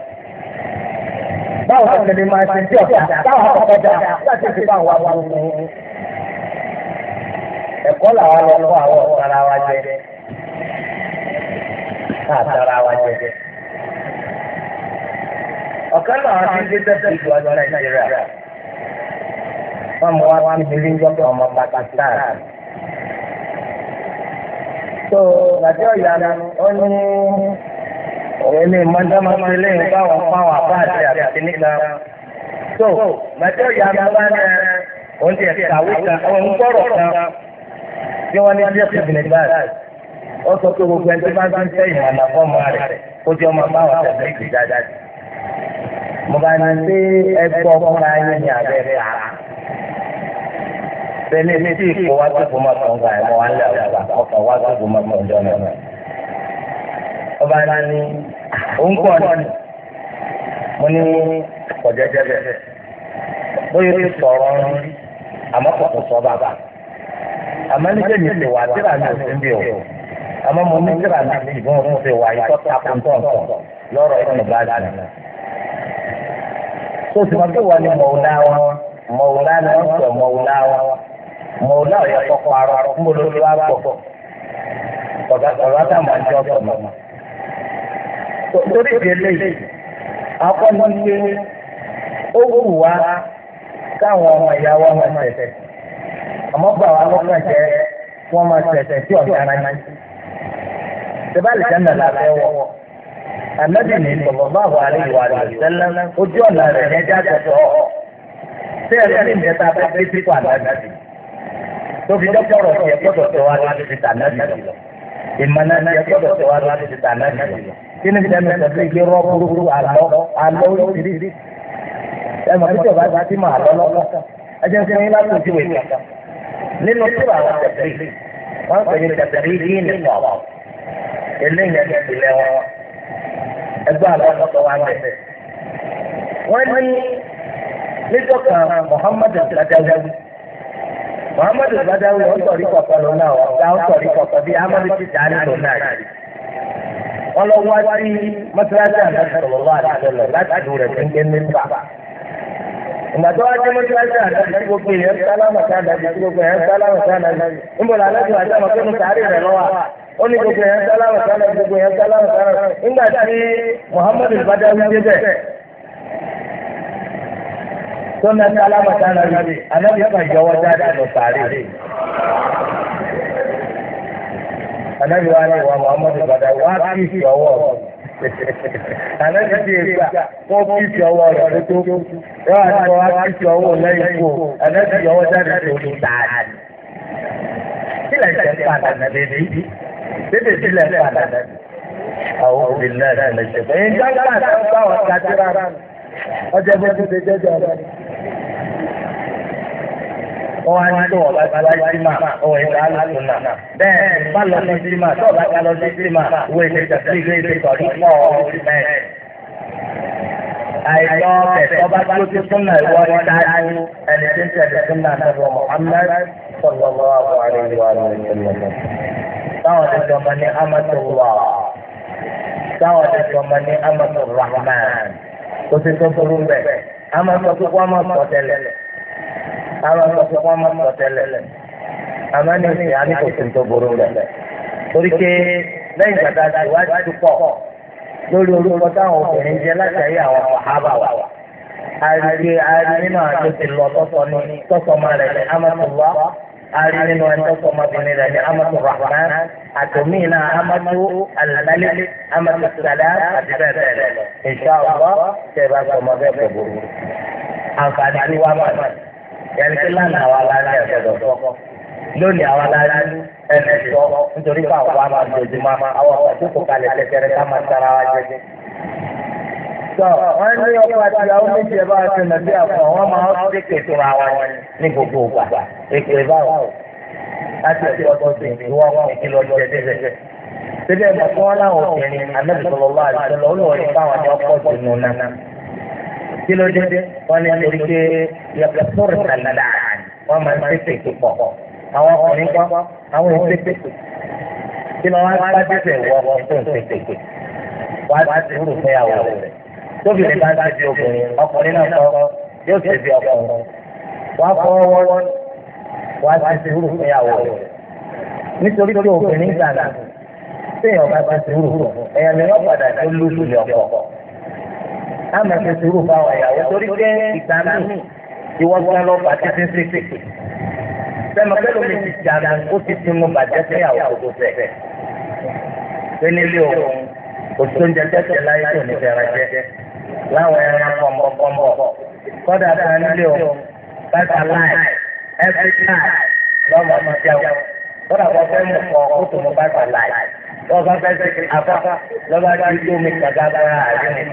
báwo ni mo máa ọ̀tá táwọn nígbà tí bá ń wá wọn. ẹ̀kọ́ làwọn ká dára wa jẹ. ọ̀kan náà ti ń gbé tẹ́tẹ́ ìlú ọjọ́ nàìjíríà. wọ́n mú wa wọ́n fi líńgọ́ kan ọmọ Pakistan. tó gbàjọ́ ìyanu ó ní òun ní mọ́tàmọ́tì lẹ́yìn báwọn fáwọn àbá àti àbẹ̀tì nígbà. tó gbàjọ́ ìyanu bá ní òun ti ẹ̀ka àwùjọ òun gbọ́rọ̀ kan wọ́n ní bí ẹ̀sìn ìbìlẹ̀ báyìí. ó sọ pé gbogbo ẹni bá ń fọ́ọ̀mù rẹ̀ kó jẹ́ ọmọ tẹ̀lé dáadáa. mo bá ní ẹgbẹ́ ọkùnrin ayé ni àrà. ní tí ìkó wá tóbi máa ẹ̀mọ́ ọkọ̀ wá tóbi máa náà. ní mo ní bóyá ó sọ̀rọ̀ àmọ́ sọ bàbá àmọ́ níjẹ́ àmọ́ mo ní kíra ní ìbọn fún ṣe wà yìí tọ́ta kún tọ̀tọ̀ lọ́rọ̀ ìbọn bá dà ní. tó sì máa tó wà ní mọ̀ọ́lá wọn mọ̀ọ́lá ni wọ́n sọ mọ̀ọ́lá wọn mọ̀ọ́lá ọ̀yọ́ tó parọ́ fún olórí wa pọ̀ ọ̀gá tá màá jọ sọ̀ mọ́. torí ìdílé yìí akọ́ni pé ó wù wá káwọn ọmọ ìyá wa máa tẹ̀tẹ̀ àmọ́ bàbá lọ́kàn máa tẹ̀tẹ̀ sí ọ̀gá náà ṣẹba àlìjáná la fẹ́ wọ̀ ànábì ní sallallahu alaihi wa sallam ojú ọ̀nà rẹ̀ ní ẹja tọ̀tọ̀ ṣé ẹ̀rọ ní ìjẹta fẹ́ gbé sípò ànábì tó fi dọ́kọ̀ ọ̀rọ̀ tiẹ̀ gbọ́dọ̀ tẹ̀ wá láti fi tà ànábì lọ ìmọ̀nà tiẹ̀ gbọ́dọ̀ tẹ̀ wá láti fi tà ànábì lọ kí ni sẹ́mi sọ̀tún ìgbé rọ́ burúkú àlọ́ àlọ́ oríṣiríṣi ẹ̀ eléyìí ẹni ìpìlẹ̀ wọn ẹgbẹ́ àlọ́kọ̀tọ̀ wa bẹ̀. wọ́n ní níjọ́ kan Muhammadu Badawi Muhammadu Badawi wọ́n sọ̀rí kọ̀ọ̀kan lọ náà wọ́n gbá sọ̀rí kọ̀ọ̀kan bí Amadu ti dá nínú náà yìí. wọ́n lọ wá sí mọ́tíráṣí àdáṣọ̀rọ̀ wà lọ́lọ́ láti dùn rẹ̀ fún gbẹ́mí bàbá. Ìgbàdo ajé mọ́tíráṣí àdáṣọ̀rọ̀ gbogbo èèyàn sálámọ̀tá àdáṣọ̀rọ̀ gbogbo èèyàn sálámọ̀tá àdáṣọ̀rọ̀ ó ní gbogbo yẹn sálámù sálámù gbogbo yẹn sálámù sálámù nígbà tí muhammadu badawi débẹ̀ tó ń dáná alámọ̀tá náà rí anábì kan jọwọ́ dáadáa lọ sàárè. anábì wa ni wa muhammadu badawi wá kí ìfì ọwọ́ anábì tí ègbà wọ́n kí ìfì ọwọ́ rẹ̀ ló tó yọ àti wọ́n wá kí ìfì ọwọ́ lẹ́yìn kó anábì yọwọ́ dáadáa lọ sàárè. kí lè jẹ́ pàtàkì nàbẹ́bí. dédè sílẹ̀ padà àwọn òbí náà ti lè ṣe bẹ́ẹ̀. ìjọ náà ti ń bá wọn kàtírà ọjọ́ bó ti ṣe jẹ́jọ́ rẹ̀. wọ́n á ní tó ọ̀la ti wá sí máa ọ̀wọ̀ ìta alùpùpù náà. bẹ́ẹ̀ bá lọ sí sí máa tó ọ̀la ti lọ sí sí máa wo èdè tẹ̀sí ilé bẹ́ẹ̀. àìsàn tọ́ba táwọn dandan ọmọ ní amatullah táwọn dandan ọmọ ní amaturrahman kò sí tó burú bẹ́ẹ̀ amatọ́kùkù amatọ́ tẹ́lẹ̀ amatọ́kùkù amatọ́ tẹ́lẹ̀ amani ìsìn àníkò sí tó burú bẹ́ẹ̀ torí pé lẹ́yìn gbàgbà ìwádìí pọ̀ lórí orúkọ táwọn obìnrin jẹ́ láti ayé àwọn sàhábà wà wà àrídìí àrídìí nínú àjọṣe lọ tọ́sọ ní tọ́sọ máa rẹ̀ ní amatullah ari nínú ẹ̀tọ́ fún ọmọbìnrin rẹ̀ ní amadu rahman àtòmínà amadu alamali amadu sada àti bẹ́ẹ̀ bẹ́ẹ̀ lọ. ìṣá ọ̀pọ̀ tẹ bá sọ ọmọ bẹ́ẹ̀ pẹ̀lú mi. àǹfààní tí wàá mọ̀ yẹnni kí lánàá àwa lára ẹ̀ fẹ́ lọ́kọ́. lónìí àwa lára ẹnì sọ nítorí pé àwọn wa máa dojúmọ́ àwọn ọ̀pọ̀ tó kọ kalẹ̀ tẹ́tẹ́rẹ́ tọ́ wọ́n ní ọkọ àti ìyàwó méjì ẹ̀ bá ṣe nàbí àfọ̀ wọ́n máa ń tètè tó ra wọn ní gbogbo ìgbà ètò ìbáwọ̀ láti ẹ̀sìn ọdún sí ìwọ́n wọn kí lọ jẹ débẹ̀. síbẹ̀ mọ̀ fún wọn láwọn obìnrin anábìsọ̀lọ́lá àdìsọ́lọ́ olóòrìn fáwọn ni ọkọ̀ jùlọ náà. kí ló dé wọ́n ní ẹni pé yẹ̀pẹ̀ fúrù nàlá wọ́n máa ń tètè pọ̀ àwọn ọkùnrin kan àwọn ètètè kí lọ wá bá débẹ̀ wọ́n tó ń tètè wá sí irúfẹ́ àwọn rẹ̀ tóbìnrin bá ti di obìnrin ọkùnrin náà kọ́ yóò ti ọkùnrin wá fọ́ wọ́n wá ti ti fún ìyàwó rẹ̀ nítorí pé obìnrin gbà náà téèyàn bá ti ti fún ẹ̀yàn lè wọ́n padà tó lóṣù lè ọkọ̀ àmọ̀ ti ti fún ìyàwó torí pé ìgbà míì ìwọ́n gbọ́n lọ́ọ́ bá títí sí sẹ́nu pẹ́lú mi ti jà mí ó ti ti mú bàjẹ́ sí àwọn òkú fẹ́. Pé nílé òun, òṣìṣẹ́ oúnjẹ tẹ́tẹ̀ láyé tó ní fẹ́ràn jẹ́. láwọn ẹran o bàtà láì ọmọ jẹun kọ́dà kọ́ fẹ́ mú kọ́ kó tó mú bàtà láì wọ́n bá fẹ́ ṣe àbá lọ́ba tí tó mi bára àárín mi.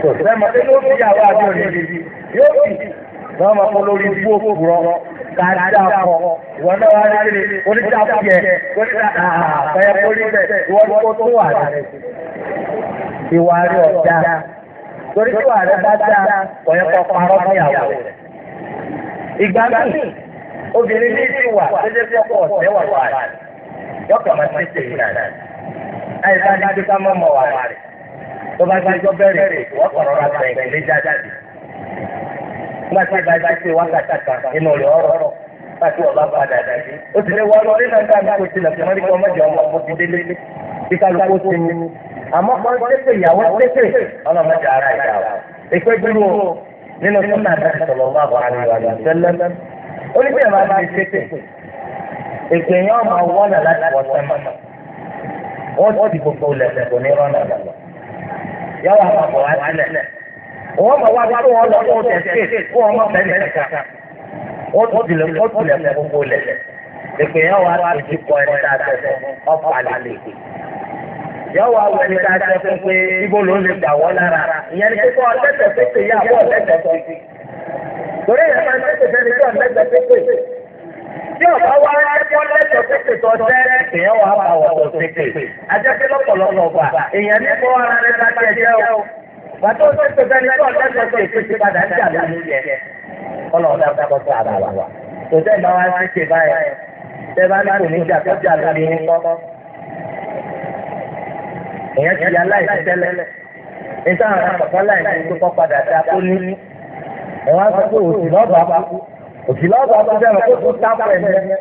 kò tí yóò fi ibi yóò fi kàdá ìwọ náà kó tó wà lára Iwari rẹ̀ ọ̀dà torí tí wàá rẹ̀ bá dáa ọ̀yẹ́ kọ́ parọ́ níyàwó rẹ̀. ìgbà míì obìnrin ní ti wà lójú tí ọkọ ọ̀sẹ̀ wà wà rẹ̀ yọkọ̀ máa ti tèmi nàdà láì bá ní kíkà mọ́ mọ́ wà rẹ̀ tó bá ti jọ bẹ̀rẹ̀ wọ́n kọ̀ rọra bẹ̀rẹ̀ lé jáde. nígbà tí ìgbà tí ti wákàtà kan inú rẹ̀ ọ̀rọ̀ láti ọ̀bá padà dàbí. ó ti lè wọ́n lọ nínú ẹ̀ka mi kò tilẹ̀ fún àmọ́ kan tẹ́tẹ̀ ìyàwó tẹ́tẹ̀ ọlọ́mọdé ara ìyá o èpè dúró nínú súnà àti sọlọ́mọ àwọn àríwá tẹ́lẹ̀ oníṣẹ́ ìwà ti tẹ́tẹ̀ èpè yẹn ọmọ wọ́nà láti wọ́ sẹ́mọ̀ wọ́n ti gbogbo lẹ̀sẹ̀ kò ní rọ́nà lọ yàwó àwọn àbọ̀ wá sílẹ̀ wọ́n mọ̀ wá tó wọn lọ fún tẹ̀sẹ̀ fún ọmọ bẹ́ẹ̀ nìkan wọ́n tún tilẹ̀ wọ́n tilẹ̀ fún gbogbo lẹ̀sẹ̀ èpè yóò wá wọ ẹni tá a jẹ fún pé ibo ló lè gbà wọ́n lára ìyẹn ni kíkọ́ ọ̀tẹ̀tẹ̀ pépè yá wọ́n ọ̀tẹ̀tẹ̀ pépè torí ìyẹn máa ń tẹ̀tẹ̀ fẹ́ni tí ọ̀tẹ̀tẹ̀ pépè tí ọ̀bá wá ẹ̀kọ́ lẹ́tọ̀ pépè tó tẹ́ èèyàn wà á wọ̀ pépè èèyàn ti di aláìsí tẹ́lẹ̀ níta àwọn àkọ́kọ́ láìsí tó kọ́ padà dá tó ní ẹ̀wọ́n á sọ pé òsì lọ́ọ̀bà kú òsì lọ́ọ̀bà kú sẹ́wọ̀n kó tó tápọ̀ ẹ̀mí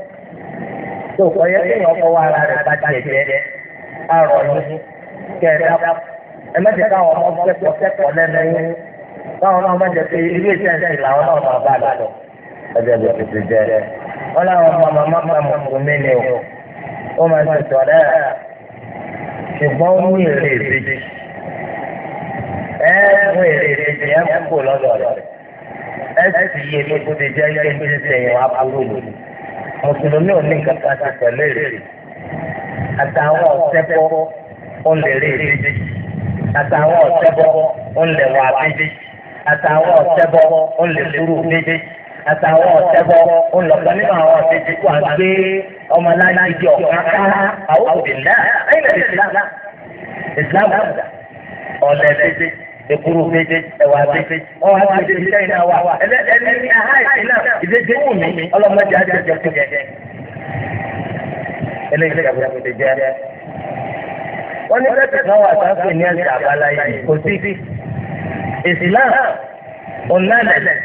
tó kọ́ yẹ kéèyàn ọkọ̀ wa ara rẹ̀ bá tiẹ̀ jẹ́ àrọ̀ yìí kẹ́ ẹ̀ dákú ẹ má jẹ́ káwọn ọmọ kẹ́kọ̀ọ́ kẹ́kọ̀ọ́ lẹ́nu yín káwọn ọmọ má jẹ́ pé ilé iṣẹ́ ìṣẹ́ ìlàwọ́ náà máa bá lọ ọjọ́ bó ti jẹ́ wọn láwọn ọmọ màmá kan mọ̀ fún mi ni o ó máa ń ṣètò ọ̀rẹ́ ṣùgbọ́n ó ní èrè ìbejì ẹ èrè ìbejì ẹ mú lọ́dọ̀ rẹ̀ ẹ sì yé lóko ti jẹ́ ilé dị. sẹ́yìn wá burú mi mùsùlùmí ò ní kankan ti pẹ̀lú èrè àtàwọn ọ̀sẹ́pọ̀ ó lè àtàwọn ọ̀sẹ́pọ̀ àtàwọn ọ̀tẹ́bọ ńlọ̀kan nínú àwọn ọ̀tẹ́jì kó à gbé ọmọ láyé di ọ̀kan àwọn òbílà ẹ̀yìn ìsìlámù ìsìlámù ekuru tètè ẹ̀wà tètè ọ̀hà tètè tètè iná wà ẹ̀ẹ́dẹ́gbẹ̀rún aha ìsìlámù ìdèjì mi mí kú jẹjẹ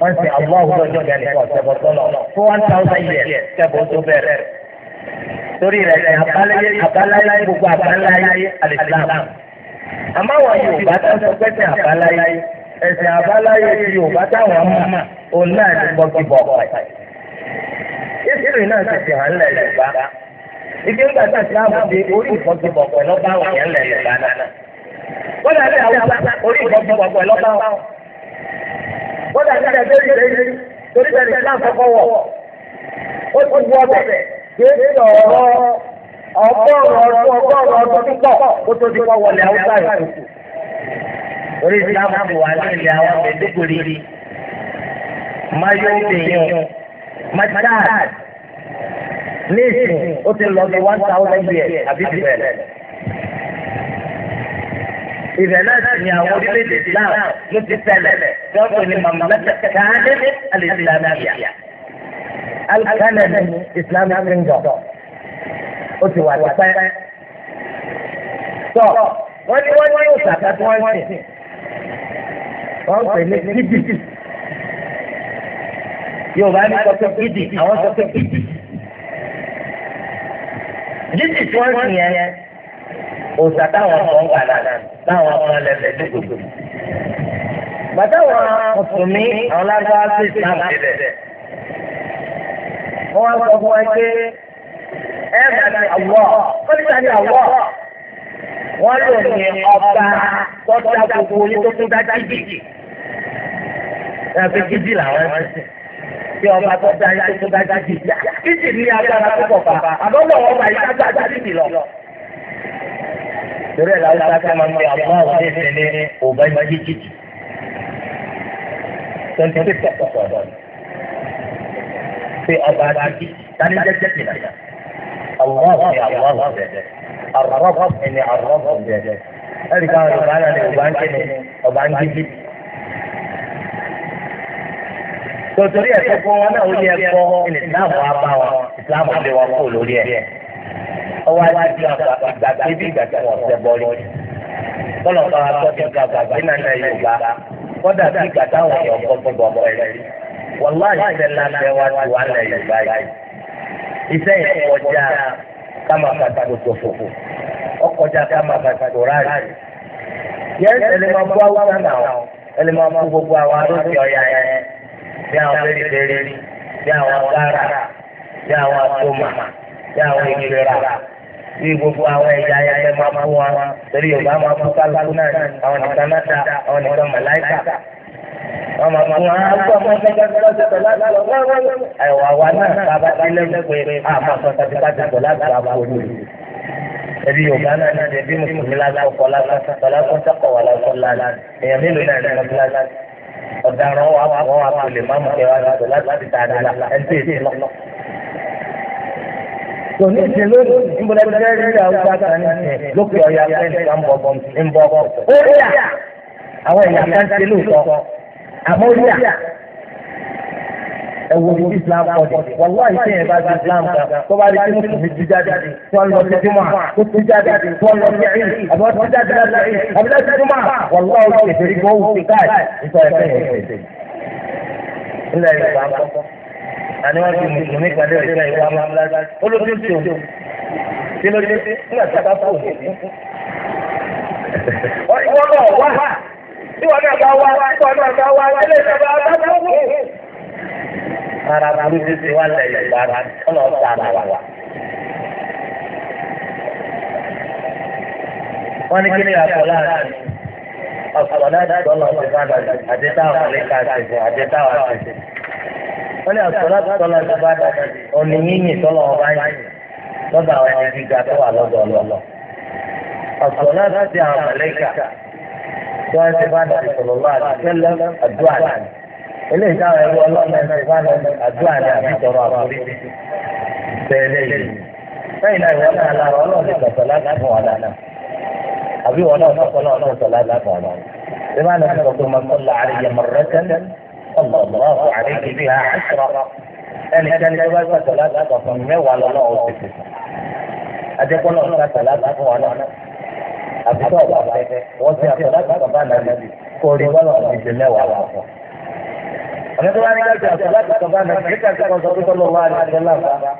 wọ́n ti àwọn ọ̀gbọ́n ọjọ́ ìgbà nìkan ṣẹ̀bọ̀ sọ́lọ̀ fún one thousand years ṣẹ̀bọ̀ tó bẹ̀rẹ̀. torí rẹ̀ ní abáláyé gbogbo abáláyé alìsílámù. àmọ́ àwọn Yorùbá tó ń sọ pé ẹ̀sìn abáláyé ẹ̀sìn abáláyé ti Yorùbá táwọn mọ̀ òun náà ní bọ́kì bọ́ọ̀kì. yéṣìrì náà ti fi hàn lẹ̀ Yorùbá. ìdí ń gbàgbà sí àbùdé orí ìfọ́kì bọ̀ọ̀kì àwọn yẹn lẹ̀ Yorùbá náà. wọ́n dàbí àwọn orí ìfọ́kì bọ̀ọ̀kì lọ́ wọ́n ní ẹgbẹ́ ìgbẹ́ yìí torí bẹ́ẹ̀ wọ̀ ó ti ọ̀rọ̀ ọgọ́rùn-ún ọdún ọgọ́rùn-ún ọdún púpọ̀ tó ti wọlé orí ní àwọn ó ti lọ one thousand years àbí ti bẹ̀rẹ̀. ibẹ̀ náà sì ni àwọn orílẹ̀-èdè Islam ló ti ṣẹlẹ̀ lọ́pọ̀ ní mamalaka káàdé alìsílámíyà alìsílámíyà Islamic kingdom ó ti wà tipẹ́. tọ́ wọ́n ní wọ́n ní òṣàkà tí wọ́n ń sìn wọ́n pè ní kídì Yorùbá ní sọ pé kídì àwọn sọ pé kídì kídì tí wọ́n sìn yẹn òòsà táwọn kan gbà náà táwọn kan lẹ́lẹ̀ dúdú. bàtà wọn mùsùlùmí àwọn lágbára sí ìsìlámù sílẹ̀. wọ́n wá sọ fún wa pé ẹ bá ní àwọ̀ ó ní sani àwọ̀ wọ́n lò ní ọba tọ́jà gbogbo onítọ́jú dájú jìjì. ẹ̀fẹ̀ jìjì làwọn ẹ̀ sìn bí ọba tọ́jà onítọ́jú dájú jìjì. jìjì ní agbára púpọ̀ bàbá àbọ̀wọ̀ ọba ìdájọ́ àdájì lọ torí ẹ̀ láwùjọ ká máa ń pe àwọn àwọn ọdẹ ìfẹ́ ní ọba ìmájí jìjì twenty six ọ̀pọ̀ ọ̀dọ́ pé ọba àti tani jẹ́jẹ́ ti nà àwọn ọ̀hún ni àwọn ọ̀hún jẹ́jẹ́ àwọn ọ̀hún ni àwọn ọ̀hún jẹ́jẹ́ ẹ̀rí ká ọba náà ni ọba ń ké ni ọba ń jíjì. tòtòrí ẹ̀sọ́ fún wọn náà ó yẹ kọ́ ìsìláàmù wa bá wọn ìsìláàmù wa bẹ wọn kó lórí ẹ̀. ọwọ́ àti ìgbàgbé ìgbà tí wọ́n yorùbá kọ́dà ìgbà táwọn kọ́ lábẹ́ yorùbá yìí. iṣẹ́ yẹn máa bọ́ àwọn máa bí gbogbo àwọn ẹ̀yà ayẹyẹ máa bú wa torí yorùbá máa bú kálukú náà àwọn nìkan náà ta àwọn nìkan màláìkà wọ́n máa bú wọn á gbọ́ ọmọ ẹgbẹ́ lọ́sẹ̀ pẹ̀lú àgbọ̀ ẹ̀wà wa náà bàbá ti lẹ́nu pé àmọ́ sọ́kà ti ká ti pẹ̀lú àgbà wọlé ẹbí yorùbá náà ní ẹbí mùsùlùmí lásán kọ lásán lásán sọkọ wà lásán lásán èèyàn mélòó náà ní ọdún lásán ọ̀daràn wà wọ́n wà pèlè máàmù kẹwàá lásán láti tààdà ẹni tó èsì lọ́nà tò ní ìsìn lónìí níbodà bí sẹ́rí ìlú àwùjọ àgbà ní ìsìn lókè ọ̀yà fẹ́ǹsì kan bọ̀ bọ̀ ń bọ̀ bọ̀ ó rí à àwọn èèyàn kan ṣe lóòótọ́ àmọ́ ó rí à ẹ̀wọ̀n ní islam kọ́ di wàlúwà ìṣe yẹn bá di islam kan tó bá rí kí mùsùlùmí ti jáde tó ń lọ sí jùmọ̀ tó ti jáde tó ń lọ sí ẹ̀yìn àbí wọ́n ti jáde láti ẹ̀yìn àbí láti jùmọ̀ wàlúwà ó ṣèṣe rí kó ó ṣe káàdì nítorí ẹ̀fẹ́ yẹn ṣe. ilẹ̀ yorùbá ń kọ́ àní wọ́n ti mùsùlùmí kan lè ṣe ìwà mọ́lá olóṣèlú tí o tí ló dé nígbà tí a bá fò ìwọ náà wá ìwọ náà bá wá ìwọ náà bá wá ilé ìjọba bá bá wù. ara burúkú ti wá lẹ̀ yorùbá rà ọlọ́ọ̀ta ara wa. wọ́n ní kí ni àpò láàrin àpò láàrin tọ́lọ̀ ti bá dàgbà àti táwọn àlékà àti àti táwọn àti wọ́n ní àtọ́lá tọ́lá ti bá dà òní yíyìn tọ́lọ̀ ọba yìí lọ́dọ̀ àwọn ẹni gíga tó wà lọ́dọ̀ ọlọ́ àtọ́lá ti àwọn mọ̀lẹ́kà tó wọ́n ti bá dà sọ̀rọ̀ lọ́wọ́ àtẹ́lẹ́ àdúrà náà eléyìí táwọn ẹrú ọlọ́run ẹ̀ ti bá dà àdúrà náà àbí tọrọ àforí bẹ́ẹ̀ lẹ́yìn lẹ́yìn náà ìwọ́n náà lára ọlọ́run ti sọ̀tọ̀ láti fún wọn dáadáa àbí wọn náà sọ̀tọ̀ náà sọ̀tọ̀ láti fún wọn dáadáa صلى الله عليه بها عشرة يعني كان جواز ثلاثة فمية وعلى الله وسكت أتقول لك ثلاثة وعلى àbíkọ́ ọ̀gá afẹ́fẹ́ wọ́n ti àtọ̀ láti bàbá nàbí kó rí wọ́lọ̀ ìdè mẹ́wàá wà fún. Àmọ́ tó bá ní láti àtọ̀ láti bàbá nàbí kí kàkí kan sọ pé kọ́ ló wá ní àjọ láǹfà.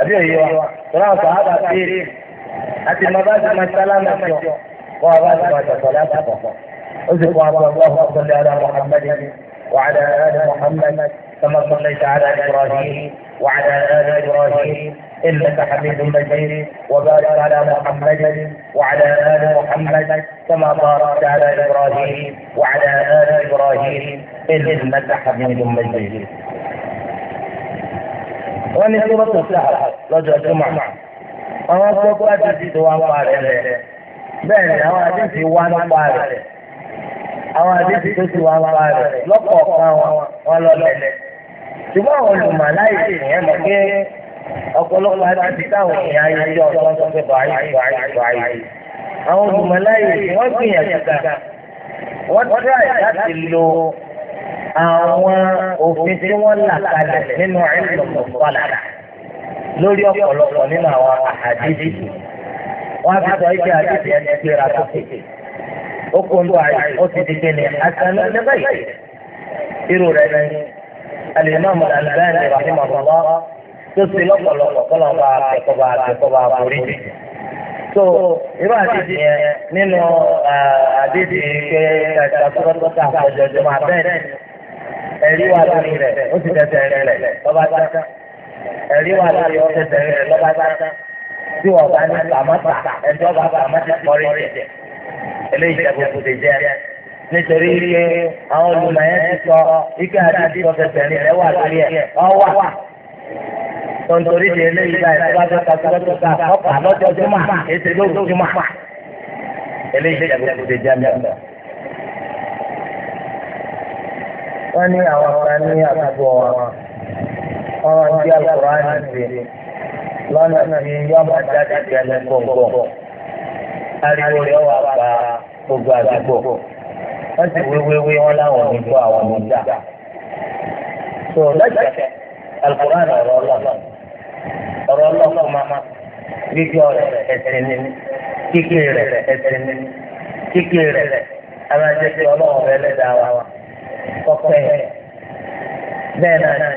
Àbí òye wa, tọ́lá àpò àbá béèrè àti mọ bá ti máa sálámà jọ wọ́n bá ti máa tọ̀tọ̀ láti bàbá. Ó sì kọ́ àpò àbúrò àpò àpò وعلى آل محمد كما صليت على إبراهيم وعلى آل إبراهيم إنك حميد مجيد وبارك على محمد وعلى آل محمد كما باركت على إبراهيم وعلى آل إبراهيم إنك حميد مجيد wọ́n ní tí wọ́n tó sí àlá lọ́jọ́ jùmọ̀ àwọn tó kọ́ àti ti wá ń pa rẹ̀ bẹ́ẹ̀ ni àwọn àti أنا won to أنا ala lojo أنا awon to أنا ati ti أنا n pa أنا bee ni أنا ati ti أنا n pa أنا àwọn àdéhùn tó ti wá wá rẹ̀ lọ́kọ̀ọ̀kan wọn lọ́lẹ̀. ṣùgbọ́n àwọn olùmọ̀láyè ìyẹn mọ̀ pé ọ̀pọ̀lọpọ̀ àti táwọn èèyàn ayé ọjọ́ ọ̀sán pé bàáyé bàáyé bàáyé. àwọn olùmọ̀láyè wọ́n gbìyànjú ga wọ́n tíráì láti lo àwọn òfin tí wọ́n là kalẹ̀ nínú àìlùmọ̀fọ́lá lórí ọ̀pọ̀lọpọ̀ nínú àwọn àdéhùn wọ́n á fi sọ ó kó ń lo àyè ó ti di kéne àtàlẹ́ lẹ́bẹ̀ yìí irú rẹ̀ ni alimami alalani rahimahullah tó ti lọ́pọ̀lọpọ̀ kọ́lọ̀ bá akẹ́kọ̀ọ́ bá akẹ́kọ̀ọ́ bá borí jù so irú àdìsí yẹn nínú àdìsí pé ìtàkùrọ̀tọ̀ tà àjọjọ́ máa bẹ́ẹ̀ ẹ̀rí wà lórí rẹ̀ ó ti tẹ̀sẹ̀ rẹ̀ lọ́ba dáadáa ẹ̀rí wà lórí ó tẹ̀sẹ̀ rẹ̀ lọ́ba dáadáa tí wọ́n bá ní kàmọ́tà ẹ̀jọ́ bá kàmọ́tà pọ́rí jẹ̀ eléyìí tí àbùkù ti jẹ́ nítorí pé àwọn olùmọ̀yẹ́ ti sọ ike àti sọ fẹsẹ̀ ní lórí ẹ̀ ọ̀wà di eléyìí báyìí tó bá fẹ́ ka sọ́dọ̀ tó ká ọkà lọ́jọ́ jùmọ̀ ètò ìlú jùmọ̀ eléyìí jẹ́ wọ́n ní àwọn ní àkùrọ̀ àyè lọ́nà tí ariwo rẹ̀ wà pa gbogbo àdúgbò wọ́n sì wéwéwé wọn láwọn nígbó àwọn nígbà. so lẹ́sẹ̀ alukur'an ọ̀rọ̀ ọlọ́ọ̀ ọ̀rọ̀ ọlọ́ọ̀ máma gbígbé rẹ̀ ẹsẹ̀ nínú kíkì rẹ̀ ẹsẹ̀ nínú kíkì rẹ̀ amájẹ́sẹ̀ ọlọ́ọ̀ rẹ̀ lẹ́dàá wa kọ́kẹ́ bẹ́ẹ̀ náà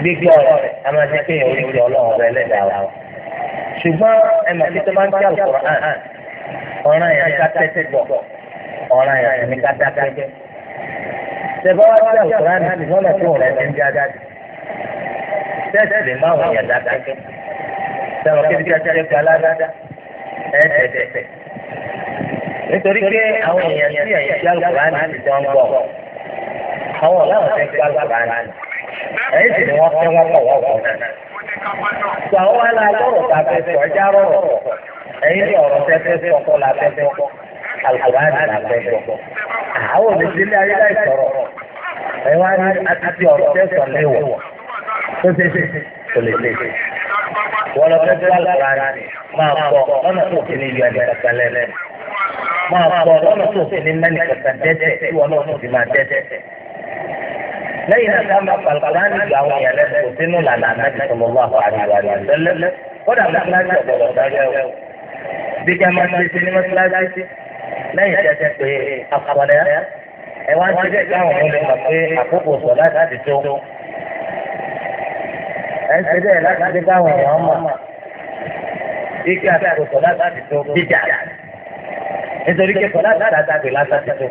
gbígbé rẹ̀ amájẹ́sẹ̀ orí ọlọ́ọ̀ rẹ̀ lẹ́dàá wa. ṣùgbọ́n ẹ mà kí tó bá ń kí àlùkò hàn ọ̀ràn yẹn ká tẹ́tẹ́ gbọ̀ ọ̀ràn yẹn ní ká dákẹ́. ṣèbá wá sí àlùkò hàn ní lọ́nà tó rẹ̀ ti ń jáde. tẹ́sì máa wọ̀ yẹn dákẹ́. sọ̀rọ̀ kí ní tẹ́tẹ́ gba ládàá ẹ̀ tẹ́tẹ́. nítorí pé àwọn èèyàn tí ẹ̀yìn sí àlùkò hàn ń àwọn àlùkò ẹ̀yìn sì ni wọ́n fẹ́ wọ́n pọ̀ wọ́n Ìgbàwọ́ wa la lọ́rọ̀ ta fẹ́ sọ, Ẹyin ní ọ̀rọ̀ tẹ́ fẹ́ la fẹ́ sọ. la fẹ́ Àwọn olùdílé ayé láì sọ̀rọ̀. Ẹ wá àti sọ lọ máa kọ lẹ́yìn náà ká máa falùkùrán àwọn èèyàn ndị kò sínú lànà ndị sọ̀rọ̀ ndị fún ndị ndị kódà mọ́tíláṣí ọ̀gbọ̀dọ̀ ndị o. bí ká máa ṣe ndị ní mọ́tíláṣí lẹ́yìn ẹ wá káwọn ọmọ mi mọ̀ pé àkókò láti tó. ẹ ṣe bẹ́ẹ̀ láti káwọn mọ̀ àkókò láti tó bíjà nítorí láti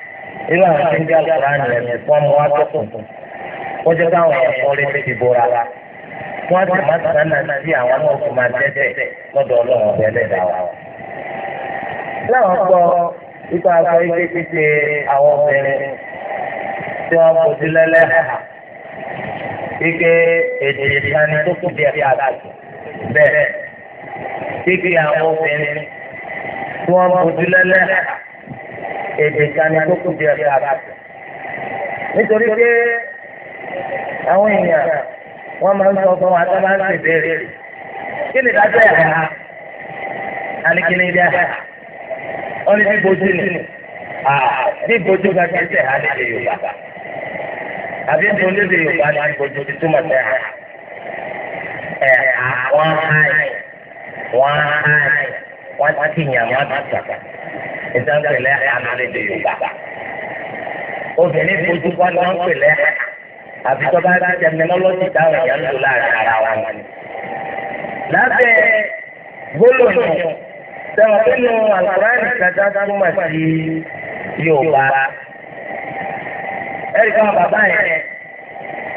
irú àwọn tí ń jẹ́ àkùránì ẹ̀sìn fún ọmọ wa tó kù jẹ́ káwọn èèyàn fún ti bora wọ́n ti máa sí àwọn máa lọ́dọ̀ ọlọ́run wa. láwọn gbọ́ ipa ike àwọn obìnrin tí wọ́n ike èdè ìsani tó kù èdè kan tó kù díẹ̀ sí ara rẹ̀. nítorí pé àwọn èèyàn wọ́n máa ń sọ fún wa tó máa ń ṣe béèrè kí ni dájọ́ ẹ̀ ha alikele ilé ha wọ́n ní bíbojú ni bíbojú bá kí n ha nílé Yorùbá àbí ń bolé lè Yorùbá ní bíbojú ti túmọ̀ tẹ̀ ha ẹ̀ ha wọ́n háì wọ́n háì. wọ́n ti yàn má bàtà ìdáńpẹ̀lẹ́ àmàlẹ́ de yorùbá obìnrin fojú wa ló ń pèlẹ́ àbí tó bá ti tẹminọ́lọ́jì táwọn èèyàn ń lò láàrin ara wa ni. lábẹ́ gbólóhùn sẹ́wọ̀n nínú àlùkùránì kàdá túmọ̀ sí yorùbá ẹ̀rí kan bàbá yẹn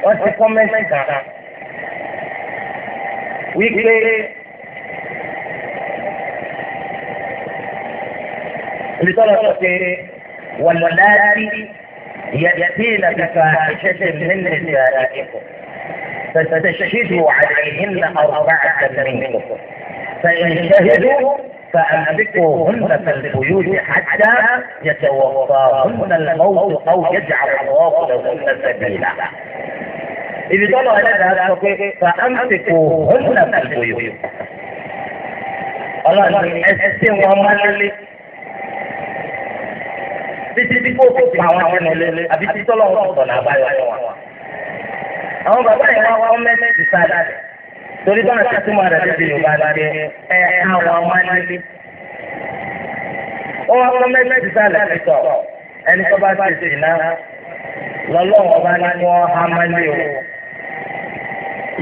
wọ́n ti kọ́mẹ́ntì kan wípé. لدرجة واللاتي يأتين بفاحشة من نسائكم فاستشهدوا عليهن أربعة منكم فإن شهدوا فأمسكوهن في البيوت حتى يتوفاهن الموت أو يجعل الله لهن سبيلا. إذا طلع لنا فأمسكوهن في البيوت. الله أسلم ومن títí tí kò fi pa wọn nílé àbí tí tọ́lọ́ wọn sọ̀tọ̀ náà báyọ̀ fún wa. àwọn bàbá yẹn wọn wọn mẹ́tì ti sáadà torí bá àti tí débi yorùbá ni pé ẹ àwọn ọmọ ó wọn ti o.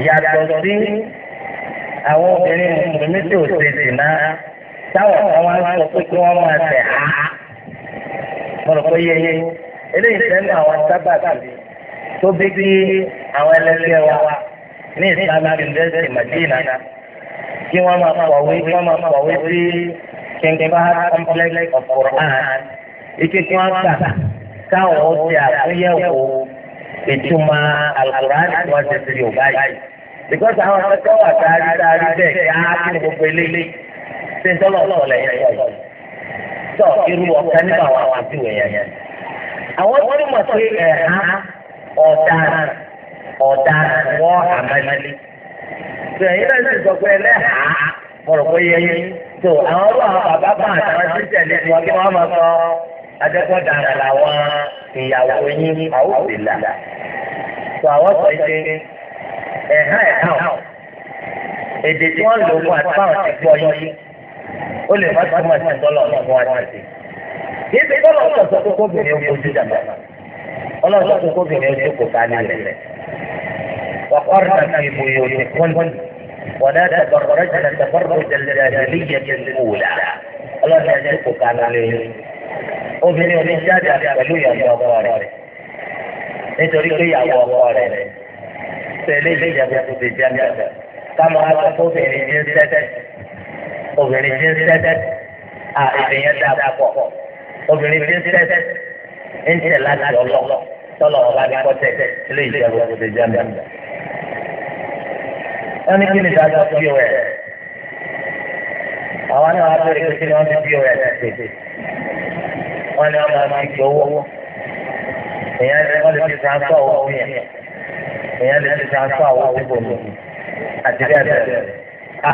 yàtọ̀ sí àwọn obìnrin mùsùlùmí ná táwọn sọ pé kí wọ́n máa tẹ̀ á. wọn rò pé yé yé eléyìí sẹ́nu àwọn sábàbí tó bí kí àwọn ẹlẹ́gbẹ́ wa ní Islamic University Madina kí wọ́n máa kọ̀wé kí wọ́n máa kọ̀wé sí kẹ̀kẹ́ complex of Quran ike tí wọ́n gbà káwọn ó ti àtúnyẹ̀wò ìtumọ̀ Al-Quran tí wọ́n ti fi Yorùbá yìí because àwọn akẹ́kọ̀ọ́ àtàrí dárí bẹ́ẹ̀ kí á kí ni gbogbo eléyìí ṣe ń tọ́lọ̀ ọ̀lẹ̀ yẹn yọ̀ yìí. sọ irú ọ̀kan nínú àwọn àwọn àti wẹ̀yẹ yẹn. àwọn tó ní mọ̀ ẹ̀hán ọ̀daràn ọ̀daràn ẹ̀yin náà sọ pé ẹlẹ́hàá mọ̀rọ̀ pé yẹ yín. tó àwọn ọlọ́ àwọn bàbá bá àtàwọn wọ́n kí wọ́n máa sọ dara làwọn ìyàwó yín là. sọ ẹ̀hán ẹ̀hán èdè tí wọ́n lò fún ó lè má túmọ̀ sí tọ́lọ̀ fún wa ti. tọ́lọ̀ náà sọ pé kóbìnrin ó kojú dàgbà ọlọ́run sọ pé kóbìnrin ó jókòó kálí rẹ̀. wàkọ́rọ̀ náà fi bu yòó ti kún wọ́n náà tẹ̀kọ̀rọ̀ jẹ́ tẹ̀kọ̀rọ̀ jẹ́ obìnrin ò ní jáde pẹ̀lú ìyàwó ọkọ rẹ̀ nítorí pé ìyàwó ọkọ rẹ̀ tẹ̀lé ìjẹ́bù tó ti obìnrin ti ń sẹ́sẹ́ à ìfẹ̀yẹ́ dáa pọ̀ obìnrin ti ń sẹ́sẹ́ ń tẹ̀ láti ọlọ́ tọ́lọ̀ ọba bí kọ́tẹ́ ilé ìjẹun ọ̀gbọ̀dẹ̀ jẹ́mi. wọ́n ní kí ni dájọ́ pos àwọn náà wá bẹ̀rẹ̀ pé kí ni wọ́n fi pos ṣe wọ́n ní wọ́n máa fi owó èèyàn lè wọ́n lè fi transfer owó fún yẹn èèyàn lè fi transfer owó fún bòmí àti bí àtẹ̀lẹ́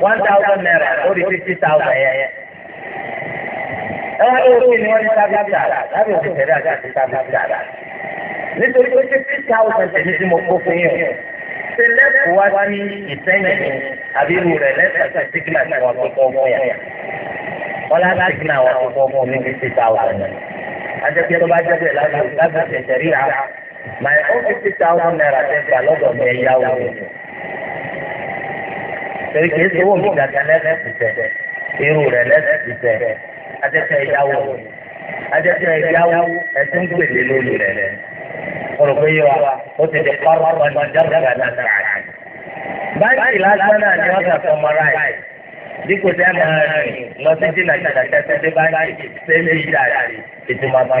one thousand naira ó di fifty thousand yẹn. ẹ ni tẹ̀lé àti àti nítorí pé fifty thousand tí mo kó fún ṣe lẹ́kọ̀ọ́ ní ìsẹ́yìn àbí irú rẹ̀ lẹ́sẹ̀ fún láti wọn fún fifty thousand. àjẹpẹ́ tó bá jẹ́ bẹ́ẹ̀ lábẹ́ naira torí kìí ṣe owó mi gàgà lẹ́sìn ti tẹ̀ irú rẹ̀ lẹ́sìn ti tẹ̀ ajẹ́fẹ́ ìyáwó ajẹ́fẹ́ ìyáwó ẹ̀sìn gbèlè lórí rẹ̀ rẹ̀ olùkọ́ yìí wa ó ti di pàrọ̀ ọ̀nà jàmbá náà báńkì lásán náà ni wọ́n sàtọ́ mọ́ra ẹ̀ dípò tẹ́ máa rìn lọ sí jìnnà jìnnà dé báńkì sẹ́ẹ̀lì ìjà rẹ̀ ìtumọ̀